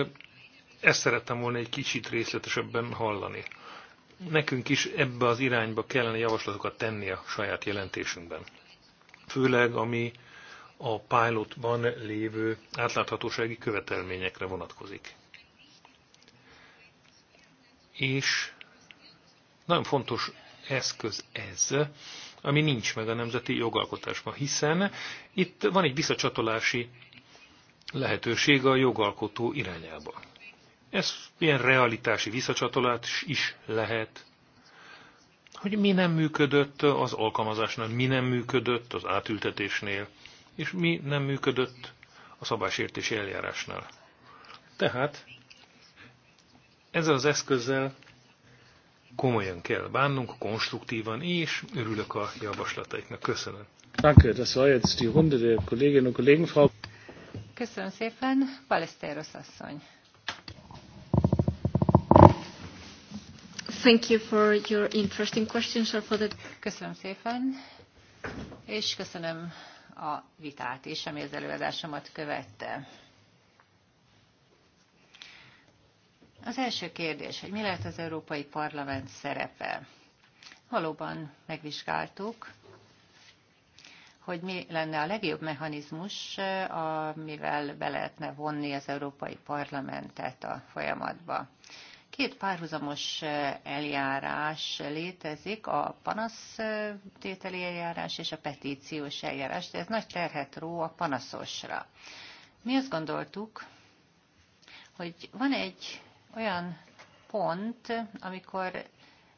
ezt szerettem volna egy kicsit részletesebben hallani. Nekünk is ebbe az irányba kellene javaslatokat tenni a saját jelentésünkben. Főleg, ami a pilotban lévő átláthatósági követelményekre vonatkozik és nagyon fontos eszköz ez, ami nincs meg a nemzeti jogalkotásban, hiszen itt van egy visszacsatolási lehetőség a jogalkotó irányába. Ez ilyen realitási visszacsatolás is lehet, hogy mi nem működött az alkalmazásnál, mi nem működött az átültetésnél, és mi nem működött a szabásértési eljárásnál. Tehát ezzel az eszközzel komolyan kell bánnunk, konstruktívan, és örülök a javaslataiknak. Köszönöm. Danke, das war jetzt die Runde der Kolleginnen und Kollegen, Frau. Köszönöm szépen, Balesteros asszony. Thank you for your interesting questions or for the... Köszönöm szépen, és köszönöm a vitát is, ami az előadásomat követte. Az első kérdés, hogy mi lehet az Európai Parlament szerepe? Valóban megvizsgáltuk, hogy mi lenne a legjobb mechanizmus, eh, amivel be lehetne vonni az Európai Parlamentet a folyamatba. Két párhuzamos eh, eljárás létezik, a panasztételi eljárás és a petíciós eljárás, de ez nagy terhet ró a panaszosra. Mi azt gondoltuk, hogy van egy olyan pont, amikor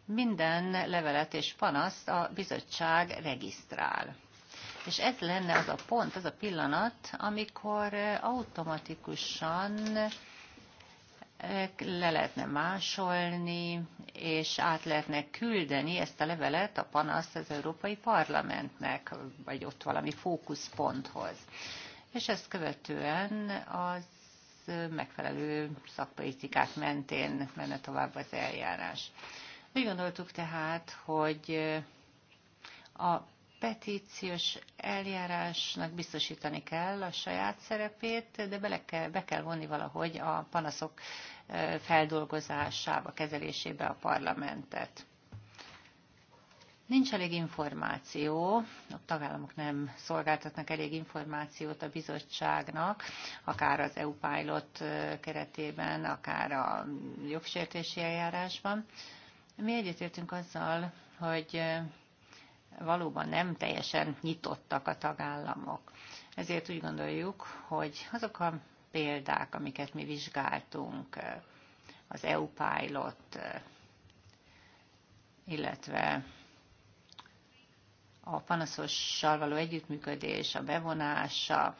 minden levelet és panaszt a bizottság regisztrál. És ez lenne az a pont, az a pillanat, amikor automatikusan e, le lehetne másolni, és át lehetne küldeni ezt a levelet, a panaszt az Európai Parlamentnek, vagy ott valami fókuszponthoz. És ezt követően az megfelelő szakpolitikák mentén menne tovább az eljárás. Úgy gondoltuk tehát, hogy a petíciós eljárásnak biztosítani kell a saját szerepét, de bele kell, be kell vonni valahogy a panaszok feldolgozásába, kezelésébe a parlamentet. Nincs elég információ, a tagállamok nem szolgáltatnak elég információt a bizottságnak, akár az EU pilot keretében, akár a jogsértési eljárásban. Mi egyetértünk azzal, hogy valóban nem teljesen nyitottak a tagállamok. Ezért úgy gondoljuk, hogy azok a példák, amiket mi vizsgáltunk, az EU pilot, illetve a panaszossal való együttműködés, a bevonása,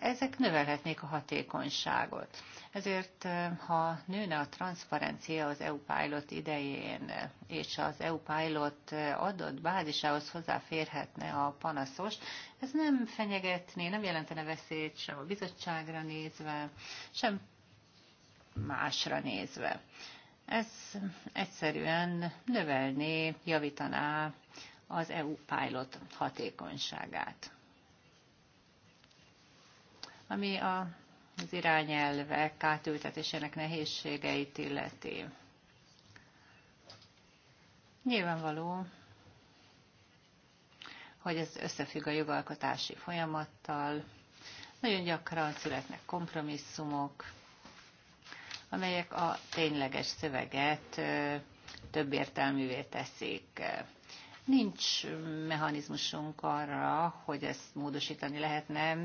ezek növelhetnék a hatékonyságot. Ezért, ha nőne a transzparencia az EU Pilot idején, és az EU Pilot adott bázisához hozzáférhetne a panaszos, ez nem fenyegetné, nem jelentene veszélyt sem a bizottságra nézve, sem másra nézve. Ez egyszerűen növelné, javítaná az EU pilot hatékonyságát. Ami a, az irányelvek átültetésének nehézségeit illeti. Nyilvánvaló, hogy ez összefügg a jogalkotási folyamattal. Nagyon gyakran születnek kompromisszumok, amelyek a tényleges szöveget több értelművé teszik. Nincs mechanizmusunk arra, hogy ezt módosítani lehetne.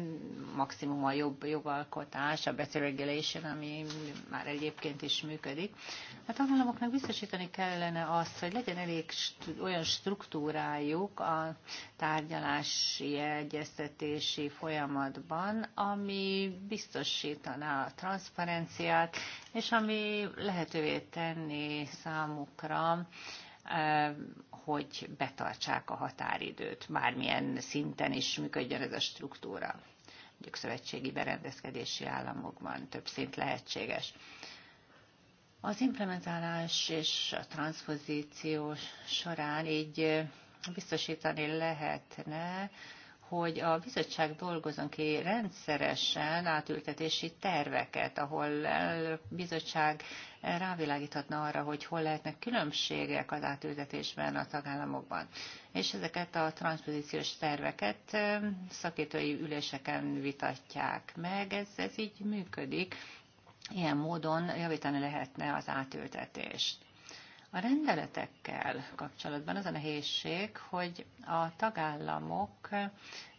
Maximum a jobb jogalkotás, a better regulation, ami már egyébként is működik. A tagállamoknak biztosítani kellene azt, hogy legyen elég olyan struktúrájuk a tárgyalási egyeztetési folyamatban, ami biztosítaná a transzparenciát, és ami lehetővé tenni számukra, eh, hogy betartsák a határidőt, bármilyen szinten is működjön ez a struktúra. Mondjuk szövetségi berendezkedési államokban több szint lehetséges. Az implementálás és a transzpozíció során így biztosítani lehetne, hogy a bizottság dolgozon ki rendszeresen átültetési terveket, ahol a bizottság rávilágíthatna arra, hogy hol lehetnek különbségek az átültetésben a tagállamokban. És ezeket a transpozíciós terveket szakértői üléseken vitatják meg, ez, ez így működik. Ilyen módon javítani lehetne az átültetést. A rendeletekkel kapcsolatban az a nehézség, hogy a tagállamok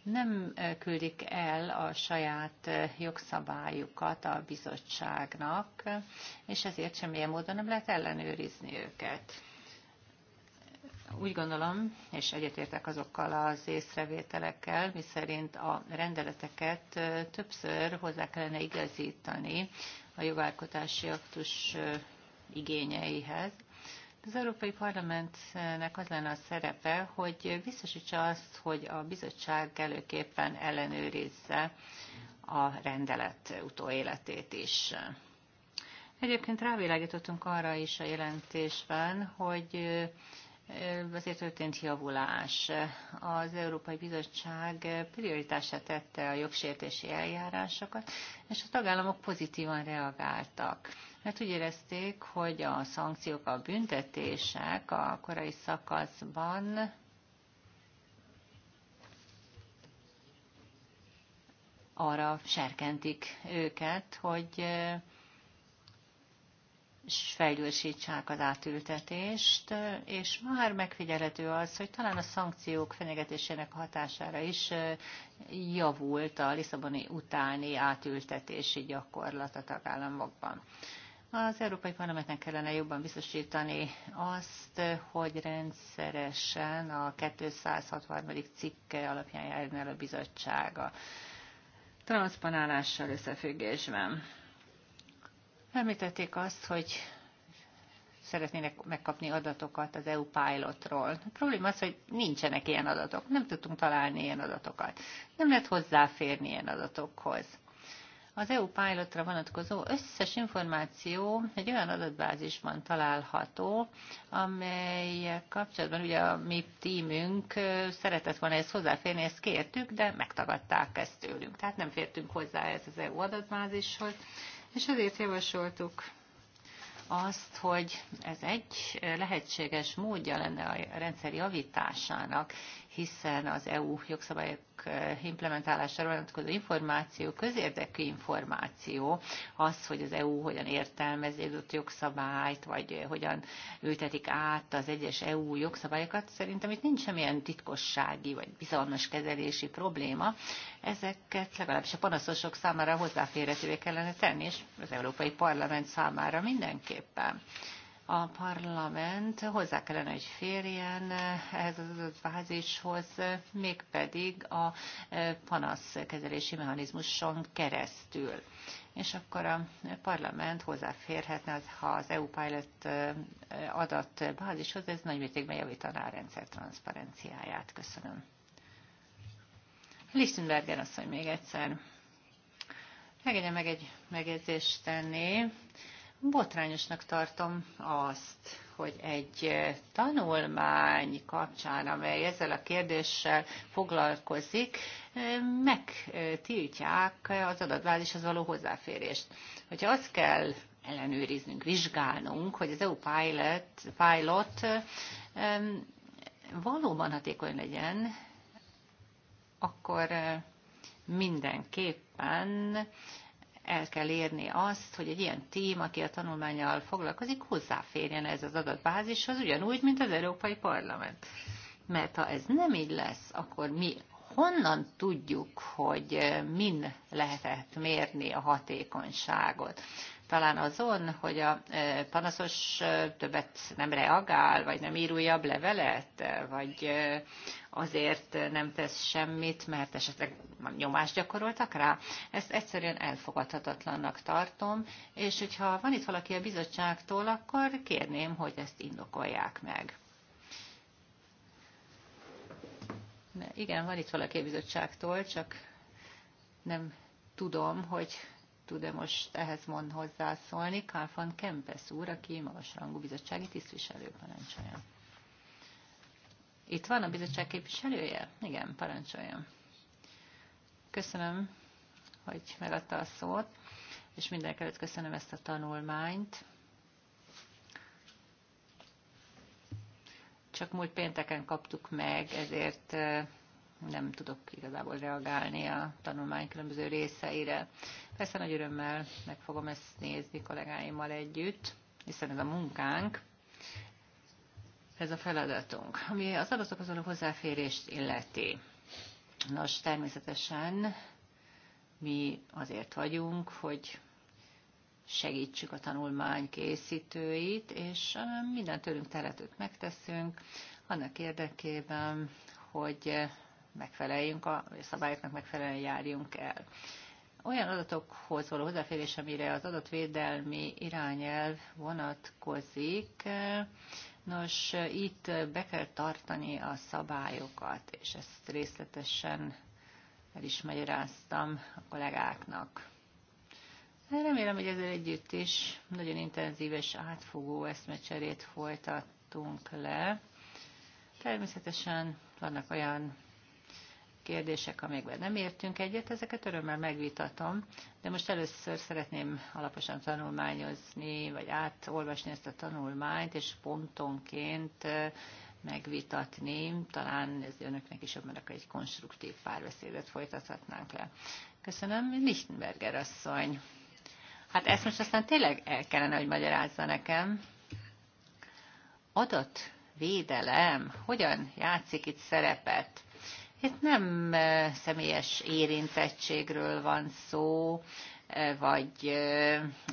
nem küldik el a saját jogszabályukat a bizottságnak, és ezért semmilyen módon nem lehet ellenőrizni őket. Úgy gondolom, és egyetértek azokkal az észrevételekkel, miszerint a rendeleteket többször hozzá kellene igazítani a jogalkotási aktus igényeihez, az Európai Parlamentnek az lenne a szerepe, hogy biztosítsa azt, hogy a bizottság előképpen ellenőrizze a rendelet utóéletét is. Egyébként rávilágítottunk arra is a jelentésben, hogy azért történt javulás. Az Európai Bizottság prioritását tette a jogsértési eljárásokat, és a tagállamok pozitívan reagáltak. Mert úgy érezték, hogy a szankciók, a büntetések a korai szakaszban arra serkentik őket, hogy felgyorsítsák az átültetést, és már megfigyelhető az, hogy talán a szankciók fenyegetésének hatására is javult a Lisszaboni utáni átültetési gyakorlat a tagállamokban. Az Európai Parlamentnek kellene jobban biztosítani azt, hogy rendszeresen a 263. cikke alapján el a bizottsága transponálással összefüggésben. Említették azt, hogy szeretnének megkapni adatokat az EU pilotról. A probléma az, hogy nincsenek ilyen adatok. Nem tudtunk találni ilyen adatokat. Nem lehet hozzáférni ilyen adatokhoz. Az EU pilotra vonatkozó összes információ egy olyan adatbázisban található, amely kapcsolatban ugye a mi tímünk szeretett volna ezt hozzáférni, ezt kértük, de megtagadták ezt tőlünk. Tehát nem fértünk hozzá ez az EU adatbázishoz, és ezért javasoltuk azt, hogy ez egy lehetséges módja lenne a rendszer javításának, hiszen az EU jogszabályok eh, implementálására vonatkozó információ, közérdekű információ, az, hogy az EU hogyan értelmezi az ott jogszabályt, vagy eh, hogyan ültetik át az egyes EU jogszabályokat, szerintem itt nincs semmilyen titkossági vagy bizalmas kezelési probléma. Ezeket legalábbis a panaszosok számára hozzáférhetővé kellene tenni, és az Európai Parlament számára mindenképpen a parlament hozzá kellene, hogy férjen ehhez az fázishoz, mégpedig a e, panaszkezelési mechanizmuson keresztül. És akkor a parlament hozzáférhetne, ha az EU Pilot e, adatbázishoz, ez nagy mértékben javítaná a rendszer transzparenciáját. Köszönöm. Lichtenberger asszony még egyszer. Megegyen meg egy megjegyzést tenni Botrányosnak tartom azt, hogy egy eh, tanulmány kapcsán, amely ezzel a kérdéssel foglalkozik, eh, megtiltják az adatbázishoz való hozzáférést. Hogyha azt kell ellenőriznünk, vizsgálnunk, hogy az EU pilot, pilot eh, valóban hatékony legyen, akkor mindenképpen el kell érni azt, hogy egy ilyen tím, aki a tanulmányal foglalkozik, hozzáférjen ez az adatbázishoz, ugyanúgy, mint az Európai Parlament. Mert ha ez nem így lesz, akkor mi honnan tudjuk, hogy eh, min lehetett mérni a hatékonyságot? talán azon, hogy a e, panaszos e, többet nem reagál, vagy nem ír újabb levelet, e, vagy azért nem tesz semmit, mert esetleg nyomást gyakoroltak rá. Ezt egyszerűen elfogadhatatlannak tartom, és hogyha van itt valaki a bizottságtól, akkor kérném, hogy ezt indokolják meg. igen, van itt valaki a bizottságtól, csak nem tudom, hogy tud-e most ehhez mond hozzászólni. Karl van Kempes úr, aki magasrangú bizottsági tisztviselő parancsolja. Itt van a bizottság képviselője? Igen, parancsolja. Köszönöm, hogy megadta a szót, és mindenkelőtt köszönöm ezt a tanulmányt. Csak múlt pénteken kaptuk meg, ezért nem tudok igazából reagálni a tanulmány különböző részeire. Persze nagy örömmel meg fogom ezt nézni kollégáimmal együtt, hiszen ez a munkánk, ez a feladatunk, ami az azon a hozzáférést illeti. Nos, természetesen mi azért vagyunk, hogy segítsük a tanulmány készítőit, és minden tőlünk teretőt megteszünk annak érdekében, hogy megfeleljünk, a szabályoknak megfelelően járjunk el. Olyan adatokhoz való hozzáférés, amire az adatvédelmi irányelv vonatkozik, nos, itt be kell tartani a szabályokat, és ezt részletesen el is magyaráztam a kollégáknak. Remélem, hogy ezzel együtt is nagyon intenzív és átfogó eszmecserét folytattunk le. Természetesen vannak olyan kérdések, amikben nem értünk egyet, ezeket örömmel megvitatom, de most először szeretném alaposan tanulmányozni, vagy átolvasni ezt a tanulmányt, és pontonként megvitatni. Talán ez önöknek is jobban, akkor egy konstruktív párbeszédet folytathatnánk le. Köszönöm, Lichtenberger asszony. Hát ezt most aztán tényleg el kellene, hogy magyarázza nekem. Adatvédelem hogyan játszik itt szerepet? Itt nem személyes érintettségről van szó, vagy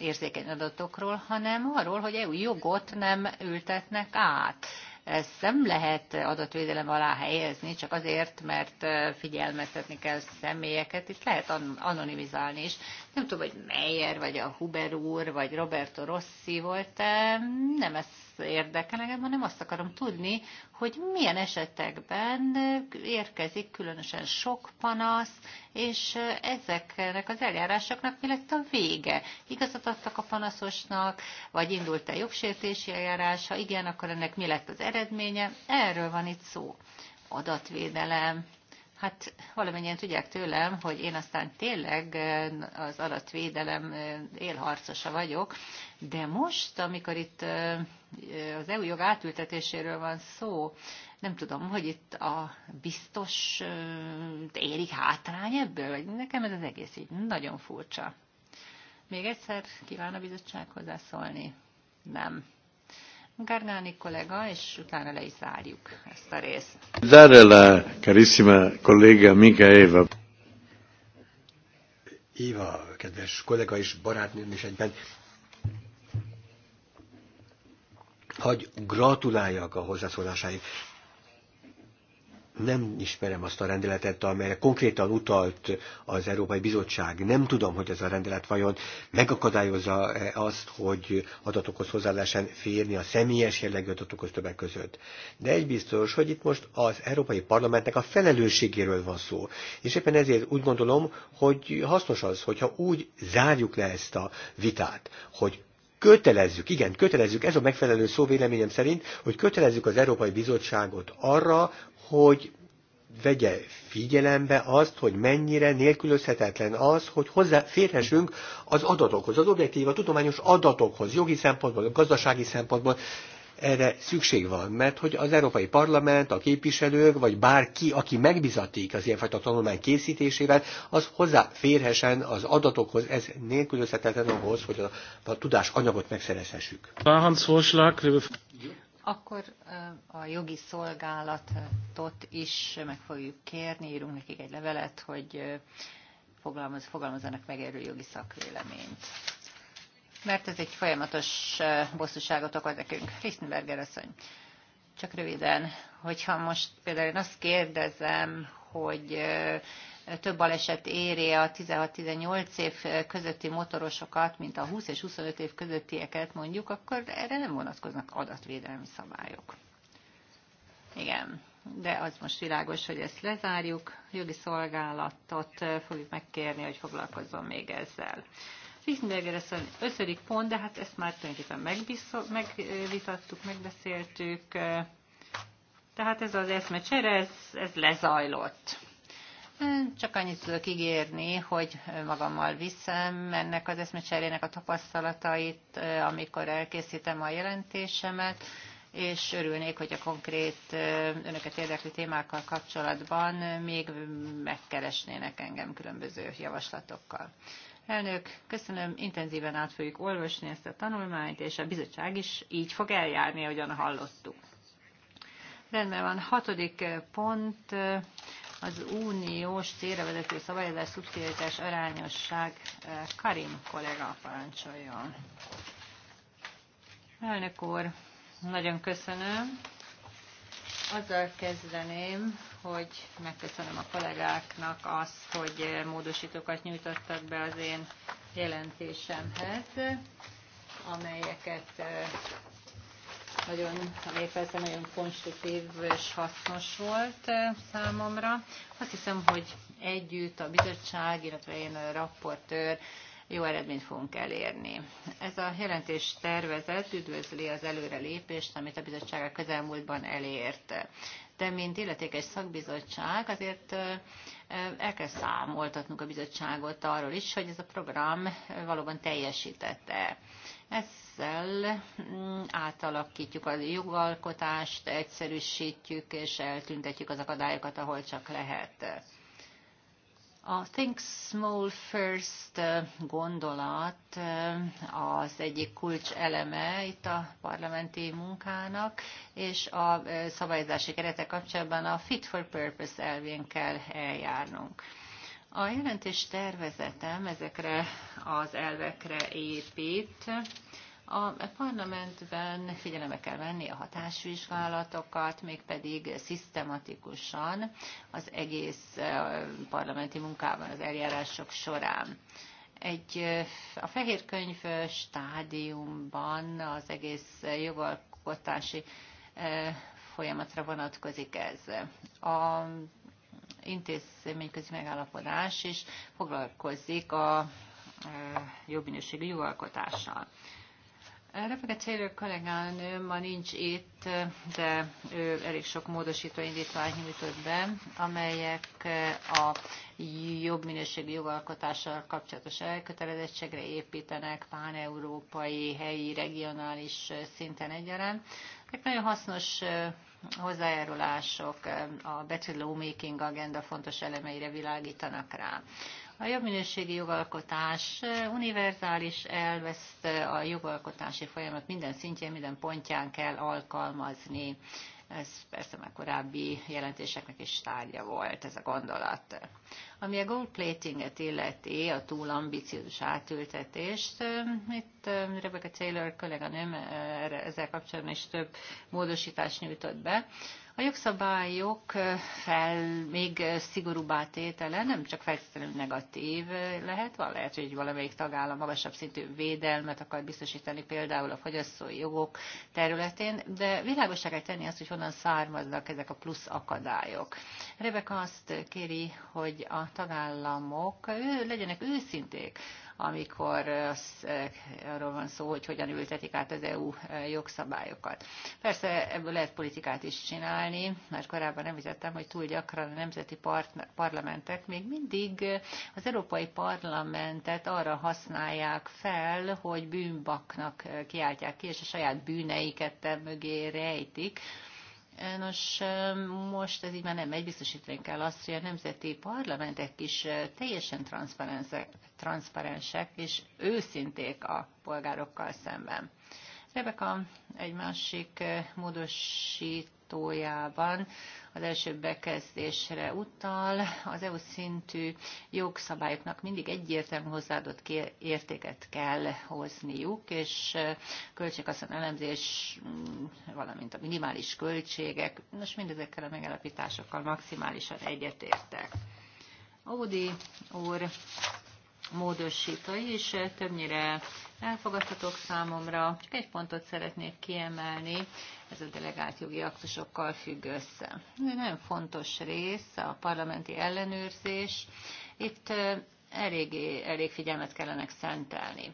érzékeny adatokról, hanem arról, hogy EU jogot nem ültetnek át. Ezt nem lehet adatvédelem alá helyezni, csak azért, mert figyelmeztetni kell személyeket. Itt lehet anonimizálni is. Nem tudom, hogy Meyer, vagy a Huber úr, vagy Roberto Rossi volt, nem ezt érdekel engem, hanem azt akarom tudni, hogy milyen esetekben érkezik különösen sok panasz, és ezeknek az eljárásoknak mi lett a vége? Igazat adtak a panaszosnak, vagy indult-e jogsértési eljárás? Ha igen, akkor ennek mi lett az eredménye? Erről van itt szó. Adatvédelem, Hát valamennyien tudják tőlem, hogy én aztán tényleg az adatvédelem élharcosa vagyok, de most, amikor itt az EU jog átültetéséről van szó, nem tudom, hogy itt a biztos érik hátrány ebből, vagy nekem ez az egész így nagyon furcsa. Még egyszer kíván a bizottság hozzászólni? Nem. Gargáni kollega, és utána le is zárjuk ezt a részt. Dare la carissima collega amica Eva. Éva, kedves kollega és barátnőm is egyben, Hogy gratuláljak a hozzászólásáig nem ismerem azt a rendeletet, amelyre konkrétan utalt az Európai Bizottság. Nem tudom, hogy ez a rendelet vajon megakadályozza -e azt, hogy adatokhoz hozzá lehessen férni a személyes jellegű adatokhoz többek között. De egy biztos, hogy itt most az Európai Parlamentnek a felelősségéről van szó. És éppen ezért úgy gondolom, hogy hasznos az, hogyha úgy zárjuk le ezt a vitát, hogy kötelezzük, igen, kötelezzük, ez a megfelelő szó véleményem szerint, hogy kötelezzük az Európai Bizottságot arra, hogy vegye figyelembe azt, hogy mennyire nélkülözhetetlen az, hogy hozzáférhessünk az adatokhoz, az objektív, a tudományos adatokhoz, jogi szempontból, gazdasági szempontból, erre szükség van, mert hogy az Európai Parlament, a képviselők, vagy bárki, aki megbizatik az ilyenfajta tanulmány készítésével, az hozzáférhessen az adatokhoz, ez nélkülözhetetlen ahhoz, hogy a, a tudás anyagot megszerezhessük akkor a jogi szolgálatot is meg fogjuk kérni, írunk nekik egy levelet, hogy fogalmaz, fogalmazzanak meg erről jogi szakvéleményt. Mert ez egy folyamatos bosszúságot okoz nekünk. Lichtenberger asszony, csak röviden, hogyha most például én azt kérdezem, hogy több baleset éri a 16-18 év közötti motorosokat, mint a 20 és 25 év közöttieket mondjuk, akkor erre nem vonatkoznak adatvédelmi szabályok. Igen, de az most világos, hogy ezt lezárjuk, jogi szolgálatot eh, fogjuk megkérni, hogy foglalkozzon még ezzel. Fichtenberger ez ötödik pont, de hát ezt már tulajdonképpen megvitattuk, megbeszéltük. Eh, tehát ez az eszmecsere, ez, ez lezajlott. Csak annyit tudok ígérni, hogy magammal viszem ennek az eszmecserének a tapasztalatait, amikor elkészítem a jelentésemet, és örülnék, hogy a konkrét önöket érdekli témákkal kapcsolatban még megkeresnének engem különböző javaslatokkal. Elnök, köszönöm, intenzíven át fogjuk olvasni ezt a tanulmányt, és a bizottság is így fog eljárni, ahogyan hallottuk. Rendben van, hatodik pont, az uniós célra vezető szabályozás szubszidiaritás arányosság. Karim kollega parancsolja. Elnök úr, nagyon köszönöm. Azzal kezdeném, hogy megköszönöm a kollégáknak azt, hogy módosítókat nyújtottak be az én jelentésemhez, amelyeket nagyon, amely persze nagyon konstruktív és hasznos volt eh, számomra. Azt hiszem, hogy együtt a bizottság, illetve én a rapportőr jó eredményt fogunk elérni. Ez a jelentés tervezet üdvözli az előrelépést, amit a bizottság a közelmúltban elért. De mint illetékes szakbizottság azért eh, el kell számoltatnunk a bizottságot arról is, hogy ez a program eh, valóban teljesítette. Ezzel mm, átalakítjuk a jogalkotást, egyszerűsítjük és eltüntetjük az akadályokat, ahol csak lehet. A Think Small First gondolat mm, az egyik kulcs eleme itt a parlamenti munkának, és a mm, szabályozási keretek kapcsolatban a fit for purpose elvén kell eljárnunk. A jelentés tervezetem ezekre az elvekre épít. A parlamentben figyelembe kell venni a hatásvizsgálatokat, mégpedig szisztematikusan az egész parlamenti munkában, az eljárások során egy a fehér könyv stádiumban az egész jogalkotási folyamatra vonatkozik ez. A intézményközi megállapodás is foglalkozik a e, jobb minőségű jogalkotással. E, a Célő kollégánő ma nincs itt, de ő elég sok módosító indítványt nyújtott be, amelyek a jobb minőségű jogalkotással kapcsolatos elkötelezettségre építenek pán-európai, helyi, regionális szinten egyaránt. Ezek nagyon hasznos e, hozzájárulások a Better Lawmaking agenda fontos elemeire világítanak rá. A jobb minőségi jogalkotás univerzális elv, ezt a jogalkotási folyamat minden szintjén, minden pontján kell alkalmazni. Ez persze már korábbi jelentéseknek is tárgya volt ez a gondolat. Ami a gold platinget illeti, a túl ambiciózus átültetést, eh, itt eh, Rebecca Taylor kolléganőm eh, ezzel kapcsolatban is több módosítást nyújtott be. A jogszabályok fel, még szigorúbbá tétele nem csak feltétlenül negatív lehet, van lehet, hogy valamelyik tagállam magasabb szintű védelmet akar biztosítani például a fogyasztói jogok területén, de világosá kell tenni azt, hogy honnan származnak ezek a plusz akadályok. Rebeka azt kéri, hogy a tagállamok legyenek őszinték amikor az, arról van szó, hogy hogyan ültetik át az EU jogszabályokat. Persze ebből lehet politikát is csinálni, mert korábban említettem, hogy túl gyakran a nemzeti part, parlamentek még mindig az Európai Parlamentet arra használják fel, hogy bűnbaknak kiáltják ki, és a saját bűneiket mögé rejtik, Nos, most ez így már nem egy biztosítani kell azt, hogy a nemzeti parlamentek is teljesen transzparensek és őszinték a polgárokkal szemben. Rebeka egy másik módosítójában az első bekezdésre utal. Az EU szintű jogszabályoknak mindig egyértelmű hozzáadott értéket kell hozniuk, és költséghaszon elemzés, mm, valamint a minimális költségek, most mindezekkel a megállapításokkal maximálisan egyetértek. Audi úr módosítói is többnyire elfogadhatók számomra. Csak egy pontot szeretnék kiemelni, ez a delegált jogi aktusokkal függ össze. Ez egy nagyon fontos rész a parlamenti ellenőrzés. Itt eléggé, elég figyelmet kellene szentelni.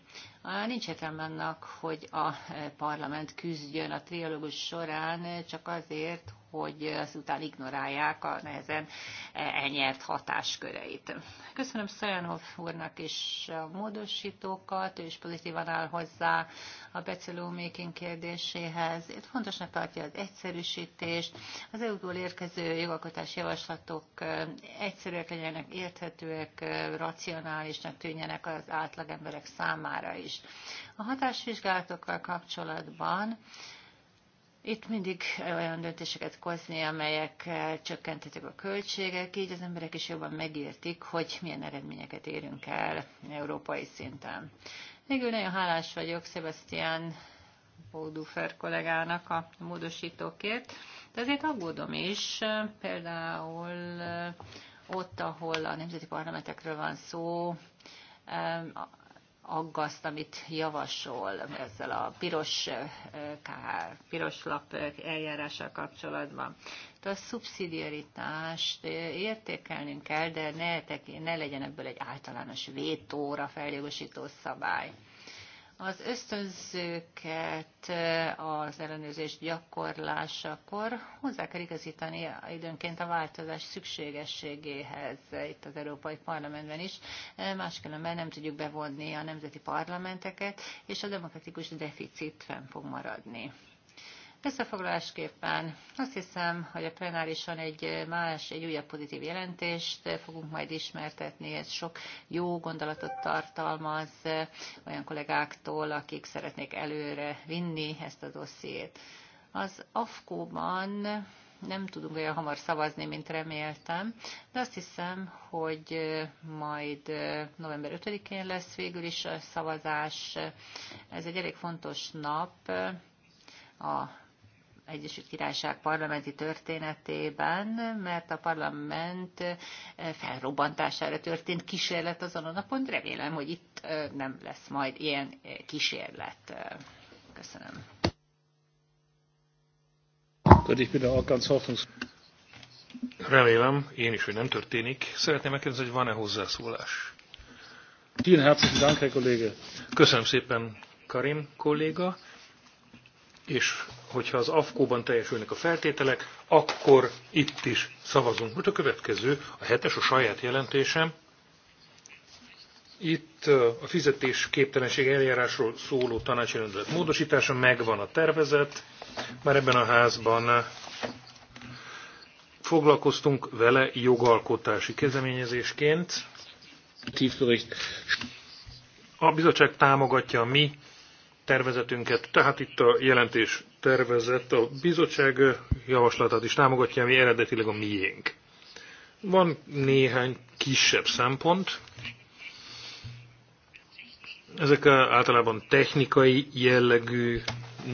Nincs értem annak, hogy a parlament küzdjön a trialógus során csak azért, hogy azután ignorálják a nehezen elnyert hatásköreit. Köszönöm Szajanov úrnak is a módosítókat, ő is pozitívan áll hozzá a beceló making kérdéséhez. Itt fontosnak tartja az egyszerűsítést, az EU-ból érkező jogalkotás javaslatok eh, egyszerűek legyenek, érthetőek, eh, racionálisnak tűnjenek az átlagemberek számára is is. A hatásvizsgálatokkal kapcsolatban itt mindig olyan döntéseket hozni, amelyek eh, csökkentetik a költségek, így az emberek is jobban megértik, hogy milyen eredményeket érünk el európai szinten. Végül nagyon hálás vagyok Sebastian Bódufer kollégának a módosítókért, de azért aggódom is, eh, például eh, ott, ahol a nemzeti parlamentekről van szó, aggaszt, amit javasol ezzel a piros, kár, piros lap eljárással kapcsolatban. De a szubszidiaritást értékelnünk kell, de ne, ne legyen ebből egy általános vétóra feljogosító szabály. Az ösztönzőket eh, az ellenőrzés gyakorlásakor hozzá kell igazítani időnként a változás szükségességéhez itt az Európai Parlamentben is. Eh, máskülönben nem tudjuk bevonni a nemzeti parlamenteket, és a demokratikus deficit fenn fog maradni. Összefoglalásképpen azt hiszem, hogy a plenárison egy más, egy újabb pozitív jelentést fogunk majd ismertetni. Ez sok jó gondolatot tartalmaz olyan kollégáktól, akik szeretnék előre vinni ezt a dossziét. Az AFKO-ban nem tudunk olyan hamar szavazni, mint reméltem, de azt hiszem, hogy majd november 5-én lesz végül is a szavazás. Ez egy elég fontos nap, a Egyesült Királyság parlamenti történetében, mert a parlament eh, felrobbantására történt kísérlet azon a napon. Remélem, hogy itt eh, nem lesz majd ilyen eh, kísérlet. Köszönöm. Remélem, én is, hogy nem történik. Szeretném megkérdezni, hogy van-e hozzászólás? Köszönöm szépen, Karim kolléga, és hogyha az AFKO-ban teljesülnek a feltételek, akkor itt is szavazunk. Most a következő, a hetes, a saját jelentésem. Itt a fizetés képtelenség eljárásról szóló tanácsjelentőlet módosítása, megvan a tervezet, már ebben a házban foglalkoztunk vele jogalkotási kezdeményezésként. A bizottság támogatja a mi tervezetünket. Tehát itt a jelentés tervezett a bizottság javaslatát is támogatja, ami eredetileg a miénk. Van néhány kisebb szempont. Ezek általában technikai jellegű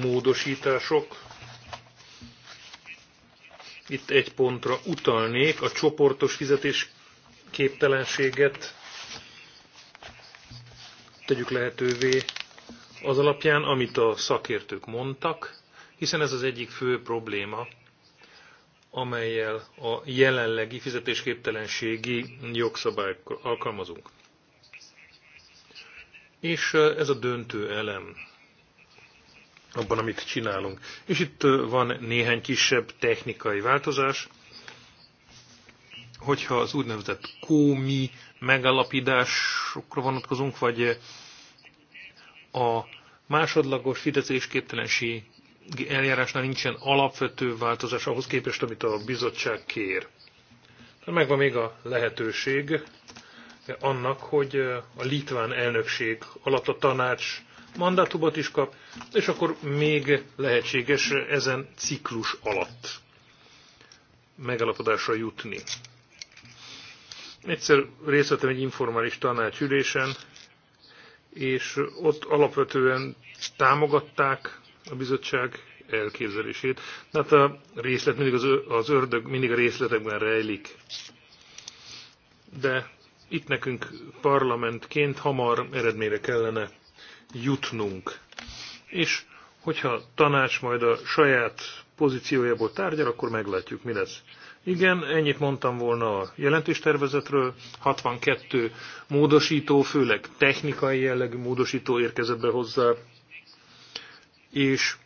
módosítások. Itt egy pontra utalnék a csoportos fizetés képtelenséget tegyük lehetővé az alapján, amit a szakértők mondtak, hiszen ez az egyik fő probléma, amelyel a jelenlegi fizetésképtelenségi jogszabályt alkalmazunk. És ez a döntő elem abban, amit csinálunk. És itt van néhány kisebb technikai változás, hogyha az úgynevezett kómi megalapításokra vonatkozunk, vagy a másodlagos fizetésképtelenség eljárásnál nincsen alapvető változás ahhoz képest, amit a bizottság kér. De hát megvan még a lehetőség annak, hogy a litván elnökség alatt a tanács mandátumot is kap, és akkor még lehetséges ezen ciklus alatt megalapodásra jutni. Egyszer részt vettem egy informális tanácsülésen, és ott alapvetően támogatták a bizottság elképzelését. hát a részlet mindig az, az ördög mindig a részletekben rejlik. De itt nekünk parlamentként hamar eredményre kellene jutnunk. És hogyha tanács majd a saját pozíciójából tárgyal, akkor meglátjuk, mi lesz. Igen, ennyit mondtam volna a jelentéstervezetről. 62 módosító, főleg technikai jellegű módosító érkezett be hozzá, és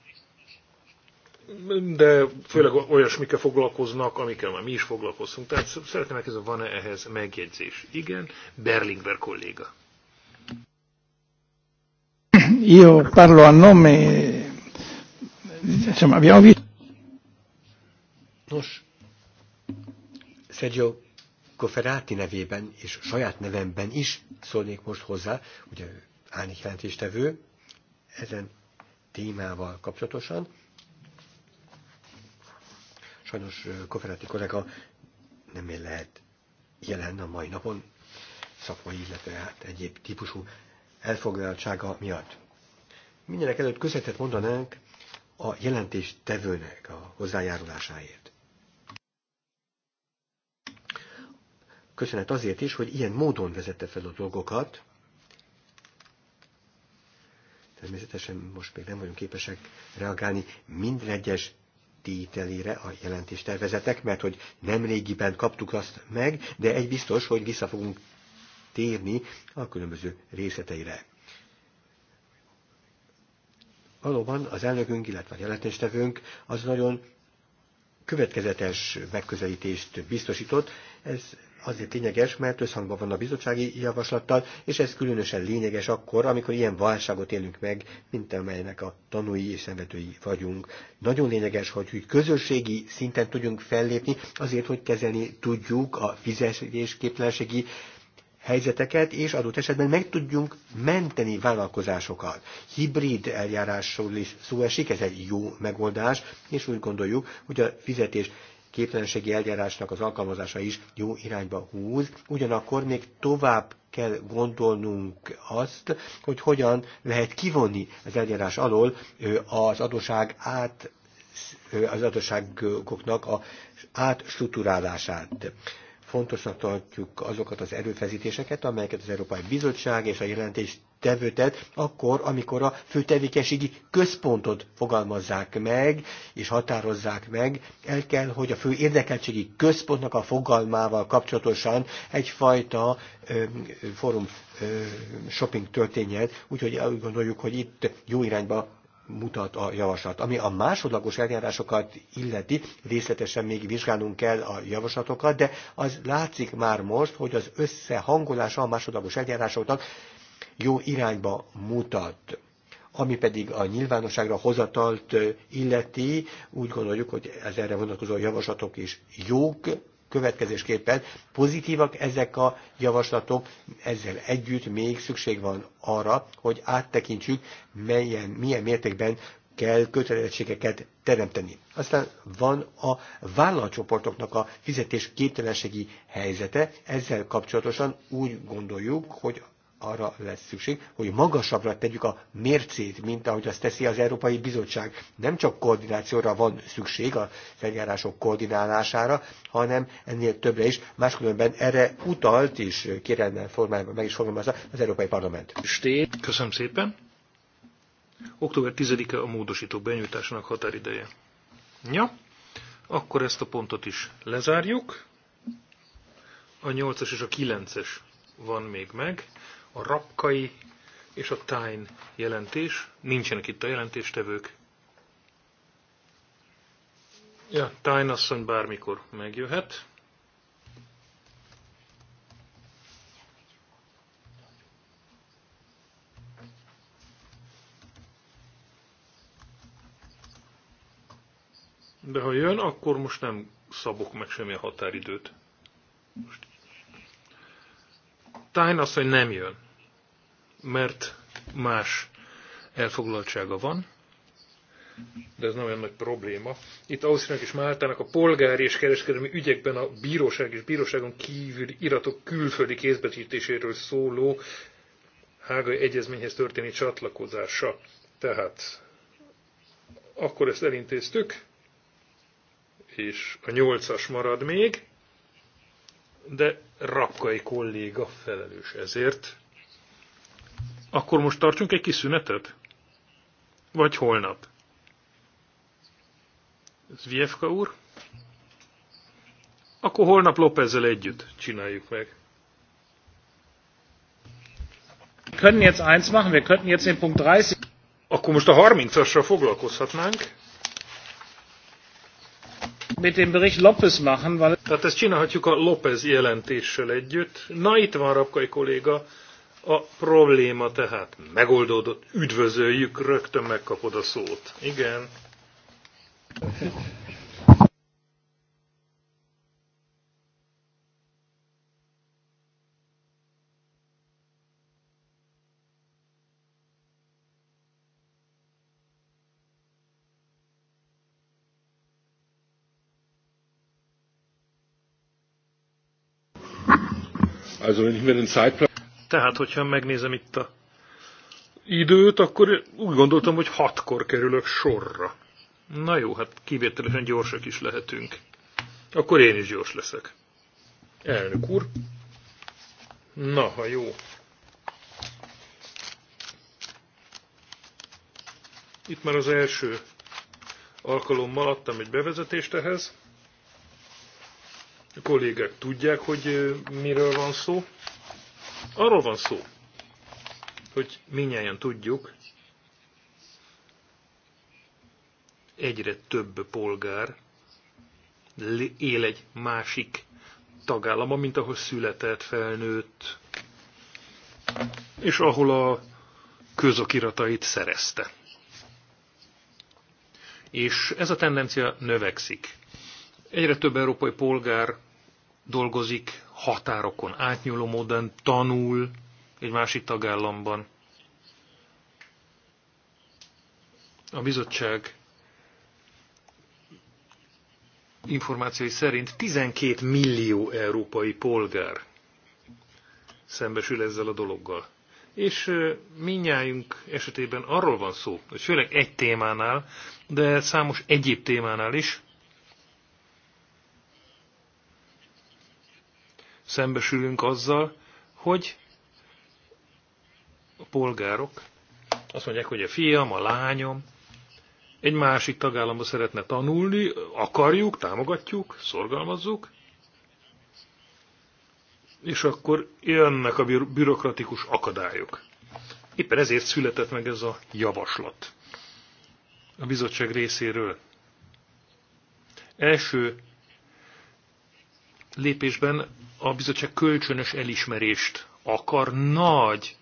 de főleg olyasmikkel foglalkoznak, amikkel már mi is foglalkoztunk. Tehát szeretném a van-e ehhez megjegyzés? Igen, Berlingver kolléga. Io parlo a nome, insomma, abbiamo visto... Nos, Sergio Koferáti nevében és saját nevemben is szólnék most hozzá, ugye állni jelentéstevő ezen témával kapcsolatosan. Sajnos Koferáti kollega nem lehet jelen a mai napon szakmai, illetve hát egyéb típusú elfoglaltsága miatt. Mindenek előtt köszönetet mondanánk a jelentéstevőnek a hozzájárulásáért. köszönet azért is, hogy ilyen módon vezette fel a dolgokat. Természetesen most még nem vagyunk képesek reagálni minden egyes tételére a tervezetek, mert hogy nem régiben kaptuk azt meg, de egy biztos, hogy vissza fogunk térni a különböző részleteire. Valóban az elnökünk, illetve a jelentéstevőnk az nagyon következetes megközelítést biztosított, ez azért lényeges, mert összhangban van a bizottsági javaslattal, és ez különösen lényeges akkor, amikor ilyen válságot élünk meg, mint amelynek a tanúi és szenvedői vagyunk. Nagyon lényeges, hogy, hogy közösségi szinten tudjunk fellépni, azért, hogy kezelni tudjuk a fizetésképtelenségi helyzeteket, és adott esetben meg tudjunk menteni vállalkozásokat. Hibrid eljárásról is szó esik, ez egy jó megoldás, és úgy gondoljuk, hogy a fizetés képtelenségi eljárásnak az alkalmazása is jó irányba húz, ugyanakkor még tovább kell gondolnunk azt, hogy hogyan lehet kivonni az eljárás alól az adóság át az adósságoknak a átstruktúrálását fontosnak tartjuk azokat az erőfeszítéseket, amelyeket az Európai Bizottság és a jelentés tevőtet, akkor, amikor a fő központot fogalmazzák meg, és határozzák meg, el kell, hogy a fő érdekeltségi központnak a fogalmával kapcsolatosan egyfajta ö, forum ö, shopping történjen, úgyhogy úgy gondoljuk, hogy itt jó irányba mutat a javaslat. Ami a másodlagos eljárásokat illeti, részletesen még vizsgálnunk kell a javaslatokat, de az látszik már most, hogy az összehangolása a másodlagos eljárásoknak jó irányba mutat ami pedig a nyilvánosságra hozatalt illeti, úgy gondoljuk, hogy az erre vonatkozó javaslatok is jók, következésképpen pozitívak ezek a javaslatok, ezzel együtt még szükség van arra, hogy áttekintsük, melyen, milyen mértékben kell kötelezettségeket teremteni. Aztán van a vállalatcsoportoknak a fizetés képtelenségi helyzete, ezzel kapcsolatosan úgy gondoljuk, hogy arra lesz szükség, hogy magasabbra tegyük a mércét, mint ahogy azt teszi az Európai Bizottság. Nem csak koordinációra van szükség, a feljárások koordinálására, hanem ennél többre is. Máskülönben erre utalt is kérelmen formájában meg is fogalmazza az Európai Parlament. Stét. Köszönöm szépen. Október 10-e a módosító benyújtásának határideje. Ja, akkor ezt a pontot is lezárjuk. A 8-as és a 9-es van még meg a Rapkai és a tájn jelentés. Nincsenek itt a jelentéstevők. Ja, tájn asszony bármikor megjöhet. De ha jön, akkor most nem szabok meg semmi határidőt. Most Tájn hogy nem jön, mert más elfoglaltsága van, de ez nem olyan nagy probléma. Itt Ausztriának és Máltának a polgári és kereskedelmi ügyekben a bíróság és bíróságon kívüli iratok külföldi kézbetítéséről szóló hágai egyezményhez történő csatlakozása. Tehát akkor ezt elintéztük, és a nyolcas marad még, de rakkai kolléga felelős ezért. Akkor most tartsunk egy kis szünetet? Vagy holnap? Zvievka úr? Akkor holnap Lópezzel együtt csináljuk meg. könnten jetzt eins machen, wir könnten jetzt den Punkt 30. Akkor most a 30-asra foglalkozhatnánk. Mit dem Bericht Lopez machen, weil tehát ezt csinálhatjuk a López jelentéssel együtt. Na itt van Rapkai kolléga, a probléma tehát megoldódott, üdvözöljük, rögtön megkapod a szót. Igen. Also wenn ich mir den Zeitplan... Tehát, hogyha megnézem itt a időt, akkor úgy gondoltam, hogy hatkor kerülök sorra. Na jó, hát kivételesen gyorsak is lehetünk. Akkor én is gyors leszek. Elnök úr. Na, ha jó. Itt már az első alkalommal adtam egy bevezetést ehhez. A kollégák tudják, hogy miről van szó. Arról van szó, hogy minnyáján tudjuk, egyre több polgár él egy másik tagállama, mint ahol született, felnőtt, és ahol a közokiratait szerezte. És ez a tendencia növekszik. Egyre több európai polgár dolgozik határokon, átnyúló módon tanul egy másik tagállamban. A bizottság információi szerint 12 millió európai polgár szembesül ezzel a dologgal. És minnyájunk esetében arról van szó, hogy főleg egy témánál, de számos egyéb témánál is, szembesülünk azzal, hogy a polgárok azt mondják, hogy a fiam, a lányom egy másik tagállamba szeretne tanulni, akarjuk, támogatjuk, szorgalmazzuk, és akkor jönnek a bürokratikus akadályok. Éppen ezért született meg ez a javaslat a bizottság részéről. Első lépésben a bizottság kölcsönös elismerést akar nagy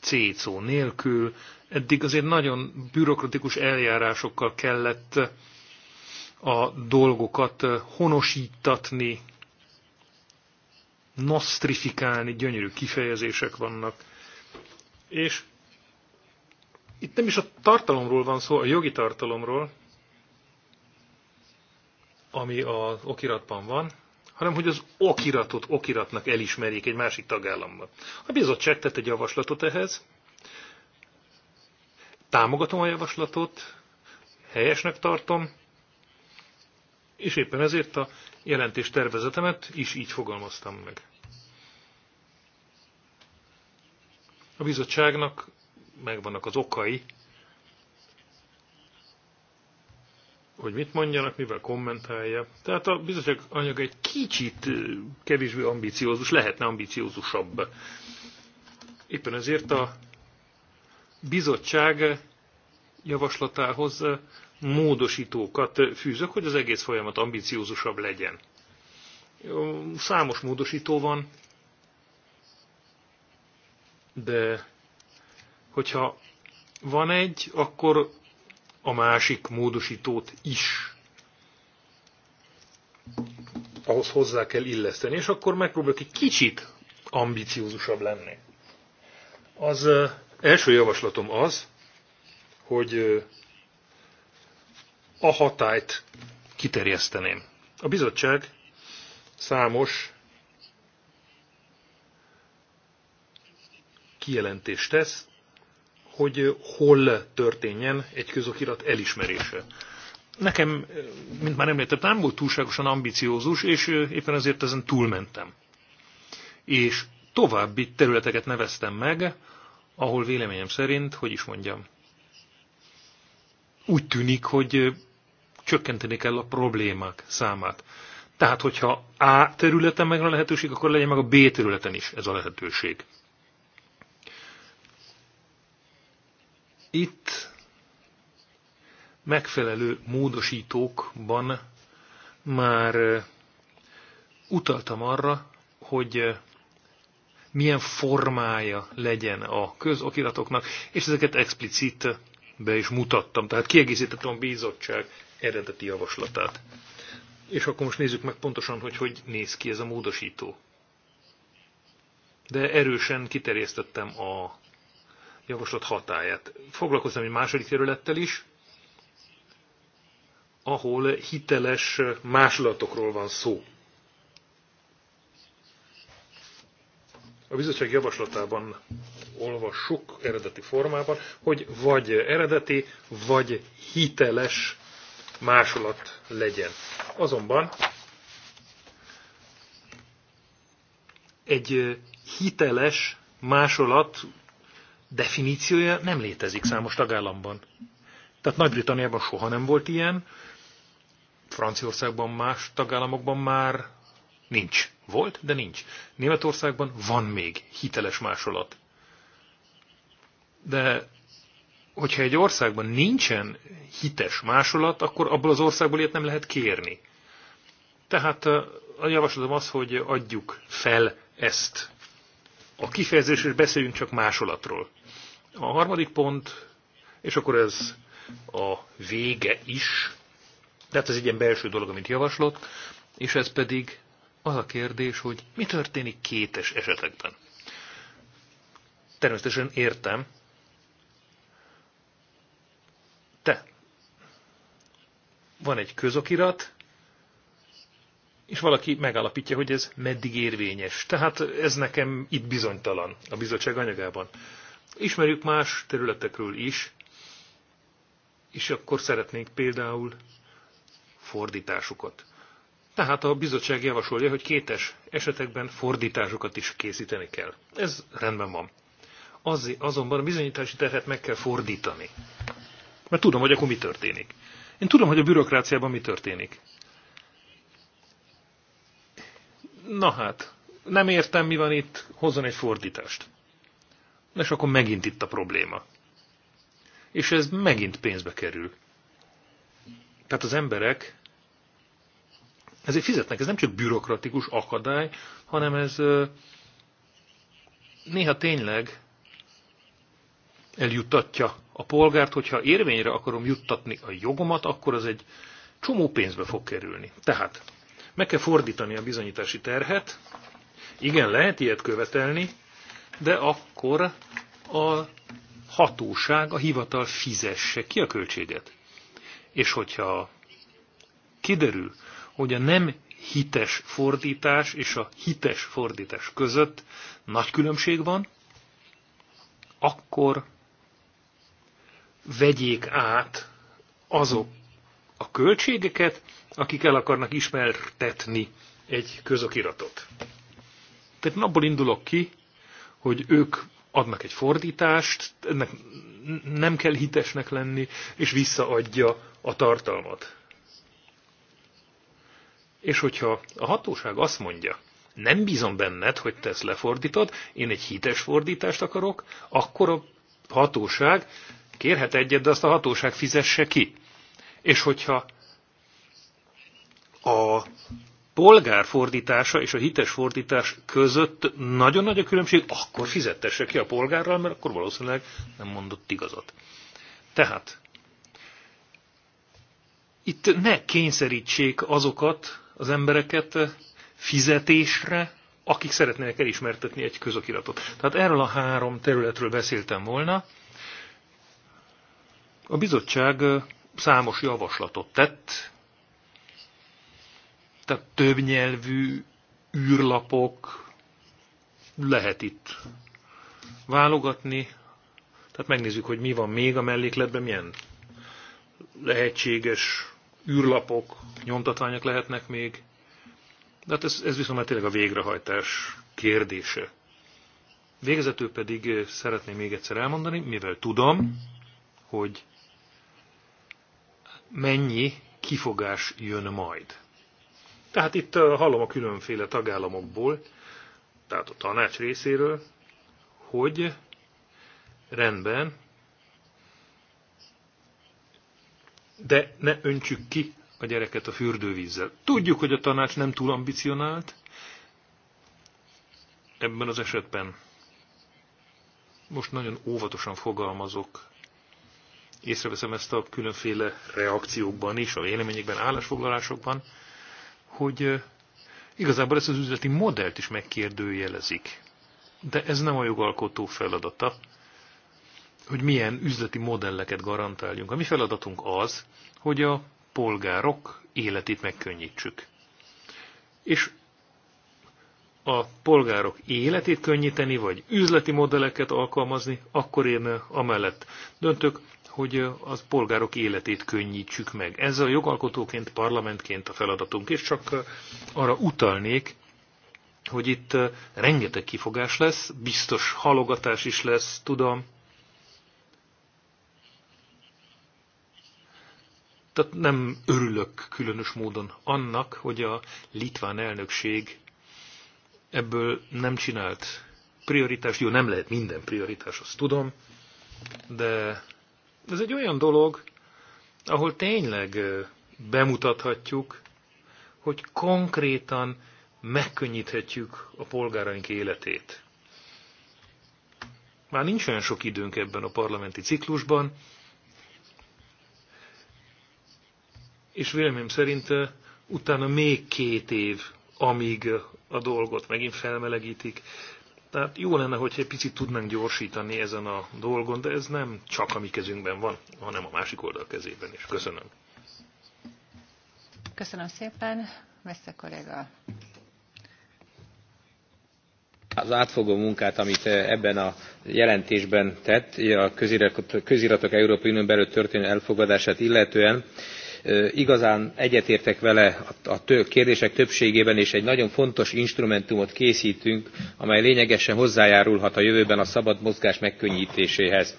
cécó nélkül. Eddig azért nagyon bürokratikus eljárásokkal kellett a dolgokat honosítatni, nosztrifikálni, gyönyörű kifejezések vannak. És itt nem is a tartalomról van szó, a jogi tartalomról, ami az okiratban van, hanem hogy az okiratot okiratnak elismerjék egy másik tagállamban. A bizottság tett egy javaslatot ehhez, támogatom a javaslatot, helyesnek tartom, és éppen ezért a jelentés tervezetemet is így fogalmaztam meg. A bizottságnak megvannak az okai hogy mit mondjanak, mivel kommentálja. Tehát a bizottság anyag egy kicsit kevésbé ambiciózus, lehetne ambiciózusabb. Éppen ezért a bizottság javaslatához módosítókat fűzök, hogy az egész folyamat ambiciózusabb legyen. Számos módosító van, de hogyha van egy, akkor a másik módosítót is ahhoz hozzá kell illeszteni, és akkor megpróbálok egy kicsit ambiciózusabb lenni. Az első javaslatom az, hogy a hatályt kiterjeszteném. A bizottság számos kijelentést tesz, hogy hol történjen egy közokirat elismerése. Nekem, mint már említettem, nem volt túlságosan ambiciózus, és éppen ezért ezen túlmentem. És további területeket neveztem meg, ahol véleményem szerint, hogy is mondjam, úgy tűnik, hogy csökkenteni kell a problémák számát. Tehát, hogyha A területen megvan a lehetőség, akkor legyen meg a B területen is ez a lehetőség. Itt megfelelő módosítókban már utaltam arra, hogy milyen formája legyen a közokiratoknak, és ezeket explicit be is mutattam. Tehát kiegészítettem a bizottság eredeti javaslatát. És akkor most nézzük meg pontosan, hogy hogy néz ki ez a módosító. De erősen kiterjesztettem a javaslat hatáját. Foglalkoztam egy második területtel is, ahol hiteles másolatokról van szó. A bizottság javaslatában olvassuk eredeti formában, hogy vagy eredeti, vagy hiteles másolat legyen. Azonban egy hiteles másolat definíciója nem létezik számos tagállamban. Tehát Nagy-Britanniában soha nem volt ilyen, Franciaországban más tagállamokban már nincs. Volt, de nincs. Németországban van még hiteles másolat. De hogyha egy országban nincsen hites másolat, akkor abból az országból ilyet nem lehet kérni. Tehát a javaslatom az, hogy adjuk fel ezt a kifejezésről beszéljünk csak másolatról. A harmadik pont, és akkor ez a vége is, tehát ez egy ilyen belső dolog, amit javaslott, és ez pedig az a kérdés, hogy mi történik kétes esetekben. Természetesen értem, te. Van egy közokirat, és valaki megállapítja, hogy ez meddig érvényes. Tehát ez nekem itt bizonytalan a bizottság anyagában. Ismerjük más területekről is, és akkor szeretnénk például fordításukat. Tehát a bizottság javasolja, hogy kétes esetekben fordításokat is készíteni kell. Ez rendben van. Az, azonban a bizonyítási terhet meg kell fordítani. Mert tudom, hogy akkor mi történik. Én tudom, hogy a bürokráciában mi történik. na hát, nem értem, mi van itt, hozzon egy fordítást. És akkor megint itt a probléma. És ez megint pénzbe kerül. Tehát az emberek ezért fizetnek. Ez nem csak bürokratikus akadály, hanem ez néha tényleg eljuttatja a polgárt, hogyha érvényre akarom juttatni a jogomat, akkor az egy csomó pénzbe fog kerülni. Tehát meg kell fordítani a bizonyítási terhet. Igen, lehet ilyet követelni, de akkor a hatóság, a hivatal fizesse ki a költséget. És hogyha kiderül, hogy a nem hites fordítás és a hites fordítás között nagy különbség van, akkor vegyék át azok a költségeket, akik el akarnak ismertetni egy közokiratot. Tehát abból indulok ki, hogy ők adnak egy fordítást, ennek nem kell hitesnek lenni, és visszaadja a tartalmat. És hogyha a hatóság azt mondja, nem bízom benned, hogy te ezt lefordítod, én egy hites fordítást akarok, akkor a hatóság kérhet egyet, de azt a hatóság fizesse ki. És hogyha a polgárfordítása és a hites fordítás között nagyon nagy a különbség, akkor fizettesse ki a polgárral, mert akkor valószínűleg nem mondott igazat. Tehát itt ne kényszerítsék azokat az embereket fizetésre, akik szeretnének elismertetni egy közokiratot. Tehát erről a három területről beszéltem volna. A bizottság számos javaslatot tett, tehát többnyelvű űrlapok lehet itt válogatni. Tehát megnézzük, hogy mi van még a mellékletben, milyen lehetséges űrlapok, nyomtatványok lehetnek még. De hát ez, ez viszont már tényleg a végrehajtás kérdése. Végezetül pedig szeretném még egyszer elmondani, mivel tudom, hogy mennyi kifogás jön majd. Tehát itt hallom a különféle tagállamokból, tehát a tanács részéről, hogy rendben, de ne öntsük ki a gyereket a fürdővízzel. Tudjuk, hogy a tanács nem túl ambicionált ebben az esetben. Most nagyon óvatosan fogalmazok. Észreveszem ezt a különféle reakciókban is, a véleményekben, állásfoglalásokban, hogy igazából ezt az üzleti modellt is megkérdőjelezik. De ez nem a jogalkotó feladata, hogy milyen üzleti modelleket garantáljunk. A mi feladatunk az, hogy a polgárok életét megkönnyítsük. És a polgárok életét könnyíteni, vagy üzleti modelleket alkalmazni, akkor én amellett döntök, hogy az polgárok életét könnyítsük meg. Ez a jogalkotóként, parlamentként a feladatunk, és csak arra utalnék, hogy itt rengeteg kifogás lesz, biztos halogatás is lesz, tudom. Tehát nem örülök különös módon annak, hogy a litván elnökség ebből nem csinált prioritást. Jó, nem lehet minden prioritás, azt tudom, de ez egy olyan dolog, ahol tényleg bemutathatjuk, hogy konkrétan megkönnyíthetjük a polgáraink életét. Már nincs olyan sok időnk ebben a parlamenti ciklusban, és véleményem szerint utána még két év, amíg a dolgot megint felmelegítik, tehát jó lenne, hogyha egy picit tudnánk gyorsítani ezen a dolgon, de ez nem csak a mi kezünkben van, hanem a másik oldal kezében is. Köszönöm. Köszönöm szépen, Messze kolléga. Az átfogó munkát, amit eh, ebben a jelentésben tett, a köziratok, köziratok Európai Unión belül történő elfogadását illetően, igazán egyetértek vele a kérdések többségében, és egy nagyon fontos instrumentumot készítünk, amely lényegesen hozzájárulhat a jövőben a szabad mozgás megkönnyítéséhez.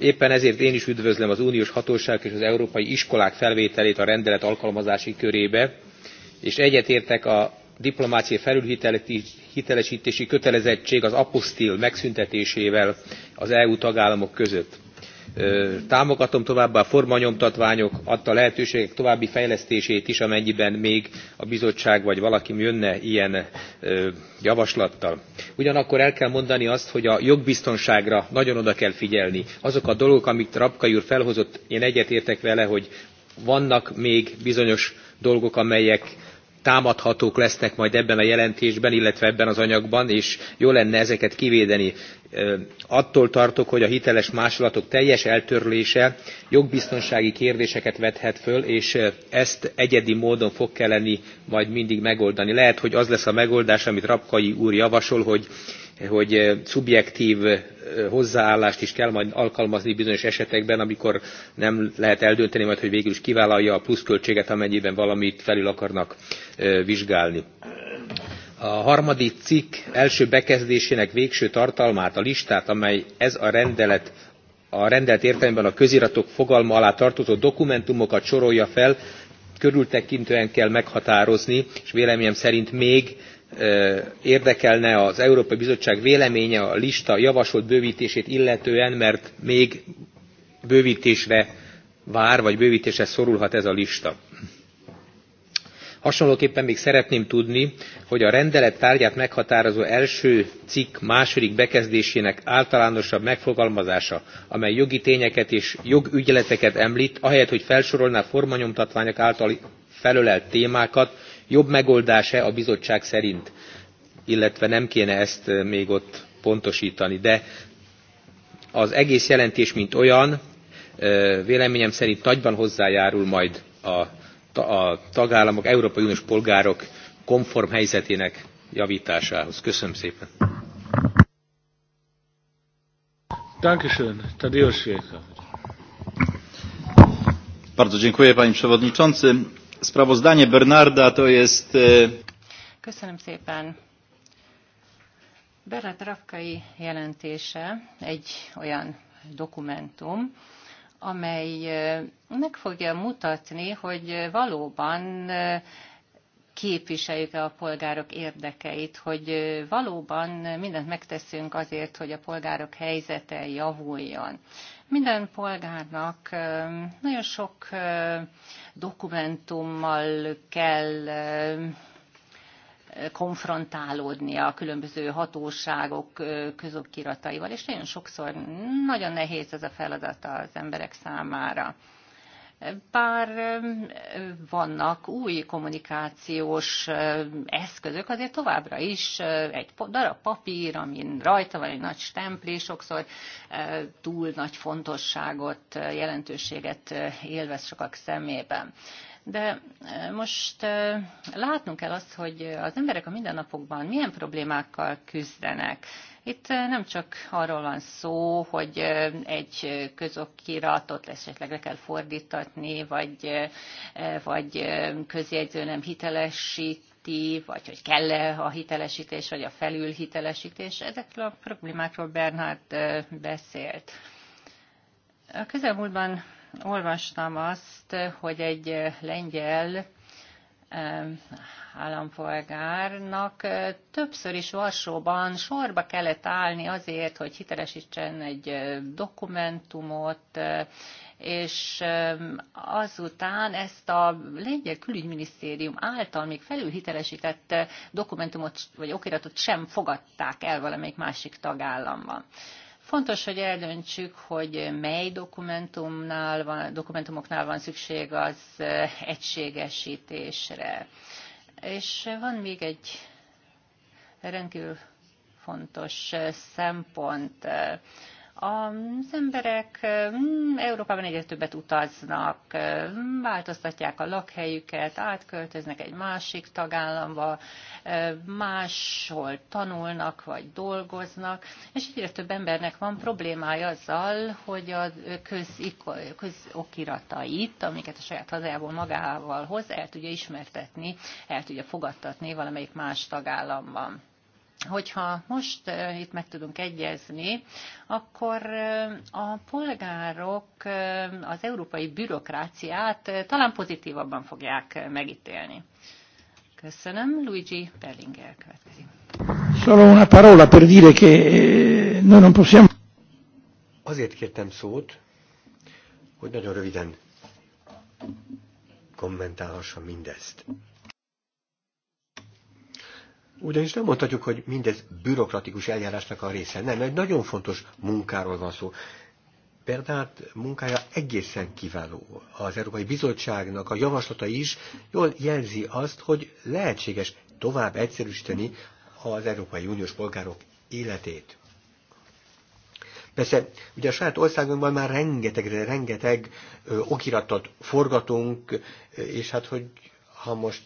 Éppen ezért én is üdvözlöm az uniós hatóság és az európai iskolák felvételét a rendelet alkalmazási körébe, és egyetértek a diplomáciai felülhitelesítési kötelezettség az apostil megszüntetésével az EU tagállamok között támogatom továbbá a formanyomtatványok adta lehetőségek további fejlesztését is amennyiben még a bizottság vagy valaki jönne ilyen javaslattal. ugyanakkor el kell mondani azt hogy a jogbiztonságra nagyon oda kell figyelni. azok a dolgok amit rapkay úr felhozott én egyetértek vele hogy vannak még bizonyos dolgok amelyek támadhatók lesznek majd ebben a jelentésben, illetve ebben az anyagban, és jó lenne ezeket kivédeni. Attól tartok, hogy a hiteles másolatok teljes eltörlése jogbiztonsági kérdéseket vethet föl, és ezt egyedi módon fog kelleni majd mindig megoldani. Lehet, hogy az lesz a megoldás, amit Rapkai úr javasol, hogy hogy eh, szubjektív eh, hozzáállást is kell majd alkalmazni bizonyos esetekben, amikor nem lehet eldönteni majd, hogy végül is kivállalja a pluszköltséget, amennyiben valamit felül akarnak eh, vizsgálni. A harmadik cikk első bekezdésének végső tartalmát, a listát, amely ez a rendelet a rendelet értelemben a köziratok fogalma alá tartozó dokumentumokat sorolja fel, körültekintően kell meghatározni, és véleményem szerint még érdekelne az Európai Bizottság véleménye a lista javasolt bővítését illetően, mert még bővítésre vár, vagy bővítésre szorulhat ez a lista. Hasonlóképpen még szeretném tudni, hogy a rendelet tárgyát meghatározó első cikk második bekezdésének általánosabb megfogalmazása, amely jogi tényeket és jogügyleteket említ, ahelyett, hogy felsorolná formanyomtatványok által felölelt témákat, jobb megoldás-e a bizottság szerint, illetve nem kéne ezt még ott pontosítani, de az egész jelentés, mint olyan, véleményem szerint nagyban hozzájárul majd a, a tagállamok, Európai Uniós polgárok konform helyzetének javításához. Köszönöm szépen. Dankeschön. Tadeusz Bardzo dziękuję, panie przewodniczący sprawozdanie Bernarda to jest... E, Köszönöm szépen. Bernard Rafkai jelentése egy olyan dokumentum, amely e, meg fogja mutatni, hogy valóban képviseljük -e a polgárok érdekeit, hogy e, valóban mindent megteszünk azért, hogy a polgárok helyzete javuljon. Minden polgárnak nagyon sok dokumentummal kell konfrontálódni a különböző hatóságok közokirataival, és nagyon sokszor nagyon nehéz ez a feladat az emberek számára. Bár vannak új kommunikációs eszközök, azért továbbra is egy darab papír, amin rajta van egy nagy stempli, sokszor túl nagy fontosságot, jelentőséget élvez sokak szemében. De most látnunk kell azt, hogy az emberek a mindennapokban milyen problémákkal küzdenek, itt nem csak arról van szó, hogy egy közokiratot esetleg le kell fordítatni, vagy, vagy közjegyző nem hitelesít, vagy hogy kell-e a hitelesítés, vagy a felülhitelesítés. Ezekről a problémákról Bernhard beszélt. A közelmúltban olvastam azt, hogy egy lengyel állampolgárnak többször is Varsóban sorba kellett állni azért, hogy hitelesítsen egy dokumentumot, és azután ezt a lengyel külügyminisztérium által még felülhitelesített dokumentumot vagy okiratot sem fogadták el valamelyik másik tagállamban. Fontos, hogy eldöntsük, hogy mely dokumentumnál van, dokumentumoknál van szükség az eh, egységesítésre. És van még egy rendkívül fontos eh, szempont, eh, az emberek mm, Európában egyre többet utaznak, mm, változtatják a lakhelyüket, átköltöznek egy másik tagállamba, mm, máshol tanulnak vagy dolgoznak, és egyre több embernek van problémája azzal, hogy a közokiratait, amiket a saját hazájából magával hoz, el tudja ismertetni, el tudja fogadtatni valamelyik más tagállamban hogyha most itt meg tudunk egyezni, akkor a polgárok az európai bürokráciát talán pozitívabban fogják megítélni. Köszönöm. Luigi Bellinger következik. Solo una parola per dire che eh, noi non possiamo... Azért kértem szót, hogy nagyon röviden kommentálhassam mindezt. Ugyanis nem mondhatjuk, hogy mindez bürokratikus eljárásnak a része. Nem, egy nagyon fontos munkáról van szó. Bernát munkája egészen kiváló. Az Európai Bizottságnak a javaslata is jól jelzi azt, hogy lehetséges tovább egyszerűsíteni az Európai Uniós polgárok életét. Persze, ugye a saját országunkban már rengeteg, rengeteg okiratot forgatunk, és hát hogy ha most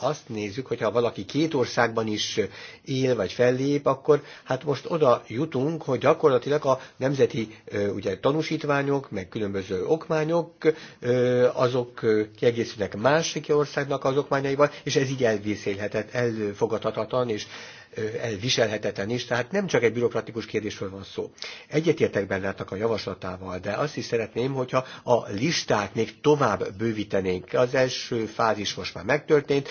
azt nézzük, hogyha valaki két országban is él vagy fellép, akkor hát most oda jutunk, hogy gyakorlatilag a nemzeti ugye, tanúsítványok, meg különböző okmányok, azok kiegészülnek másik országnak az okmányaival, és ez így elvészélhetett, elfogadhatatlan, és viselhetetlen is, tehát nem csak egy bürokratikus kérdésről van szó. Egyetértek bennetek hát a javaslatával, de azt is szeretném, hogyha a listát még tovább bővítenénk. Az első fázis most már megtörtént,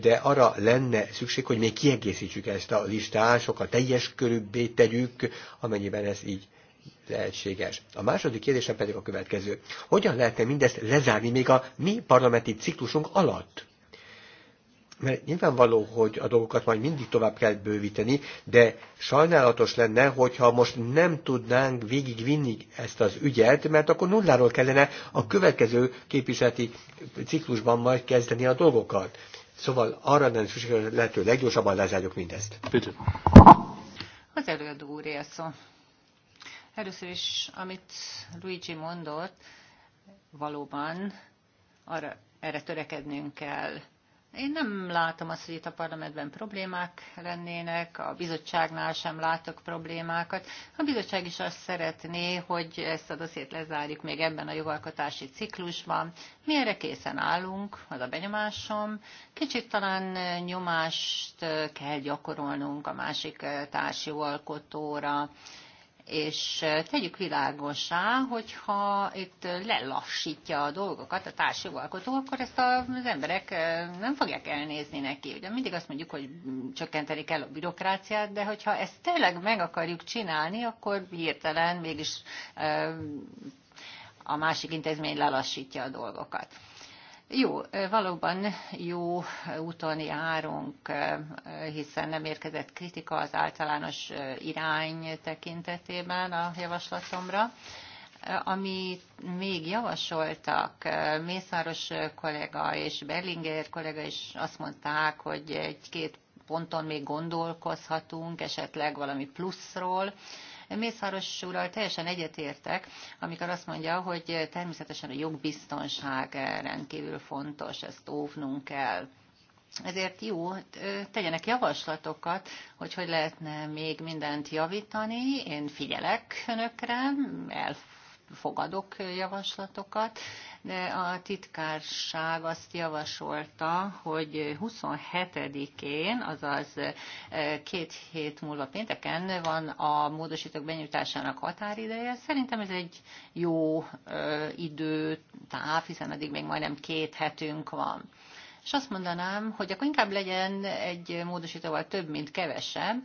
de arra lenne szükség, hogy még kiegészítsük ezt a listát, sokkal teljes körűbbé tegyük, amennyiben ez így lehetséges. A második kérdésem pedig a következő. Hogyan lehetne mindezt lezárni még a mi parlamenti ciklusunk alatt? mert nyilvánvaló, hogy a dolgokat majd mindig tovább kell bővíteni, de sajnálatos lenne, hogyha most nem tudnánk végigvinni ezt az ügyet, mert akkor nulláról kellene a következő képviseleti ciklusban majd kezdeni a dolgokat. Szóval arra nem szükség, hogy lehető leggyorsabban lezárjuk mindezt. Az előadó úr szó. Először is, amit Luigi mondott, valóban arra, erre törekednünk kell, én nem látom azt, hogy itt a parlamentben problémák lennének, a bizottságnál sem látok problémákat. A bizottság is azt szeretné, hogy ezt a dossziét lezárjuk még ebben a jogalkotási ciklusban. Mi erre készen állunk, az a benyomásom. Kicsit talán nyomást kell gyakorolnunk a másik társjogalkotóra. alkotóra és tegyük világosá, hogyha itt lelassítja a dolgokat a társjogalkotó, akkor ezt az emberek nem fogják elnézni neki. Ugye mindig azt mondjuk, hogy csökkenteni kell a bürokráciát, de hogyha ezt tényleg meg akarjuk csinálni, akkor hirtelen mégis a másik intézmény lelassítja a dolgokat. Jó, valóban jó úton járunk, hiszen nem érkezett kritika az általános irány tekintetében a javaslatomra amit még javasoltak, Mészáros kollega és Berlinger kollega is azt mondták, hogy egy-két ponton még gondolkozhatunk, esetleg valami pluszról. Mészáros úrral teljesen egyetértek, amikor azt mondja, hogy természetesen a jogbiztonság rendkívül fontos, ezt óvnunk kell. Ezért jó, tegyenek javaslatokat, hogy hogy lehetne még mindent javítani. Én figyelek önökre, elfogadok javaslatokat, de a titkárság azt javasolta, hogy 27-én, azaz eh, két hét múlva pénteken van a módosítók benyújtásának határideje. Szerintem ez egy jó eh, időtáv, hiszen eddig még majdnem két hetünk van. És azt mondanám, hogy akkor inkább legyen egy módosítóval több, mint kevesebb,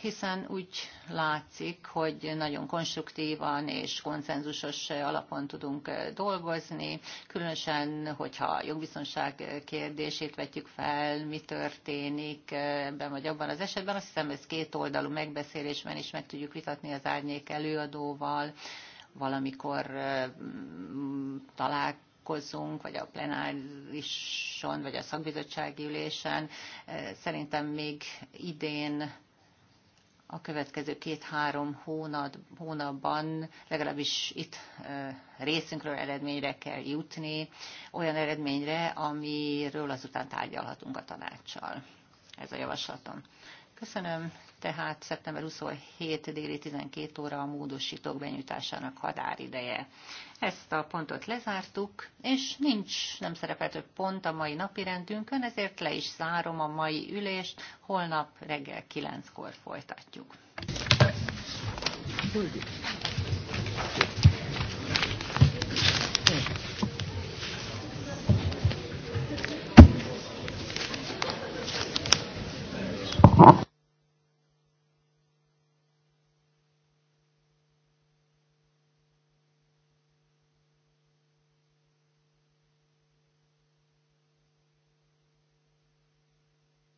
hiszen úgy látszik, hogy nagyon konstruktívan és konszenzusos alapon tudunk dolgozni, különösen, hogyha a jogbiztonság kérdését vetjük fel, mi történik ebben vagy abban az esetben, azt hiszem ez két oldalú megbeszélésben is meg tudjuk vitatni az árnyék előadóval, valamikor találkozunk, találkozunk, vagy a plenárison, vagy a szakbizottsági ülésen. Szerintem még idén a következő két-három hónap, hónapban legalábbis itt részünkről eredményre kell jutni, olyan eredményre, amiről azután tárgyalhatunk a tanácssal. Ez a javaslatom. Köszönöm, tehát szeptember 27 déli 12 óra a módosítók benyújtásának határideje. Ezt a pontot lezártuk, és nincs, nem szerepel több pont a mai napi rendünkön, ezért le is zárom a mai ülést, holnap reggel 9-kor folytatjuk.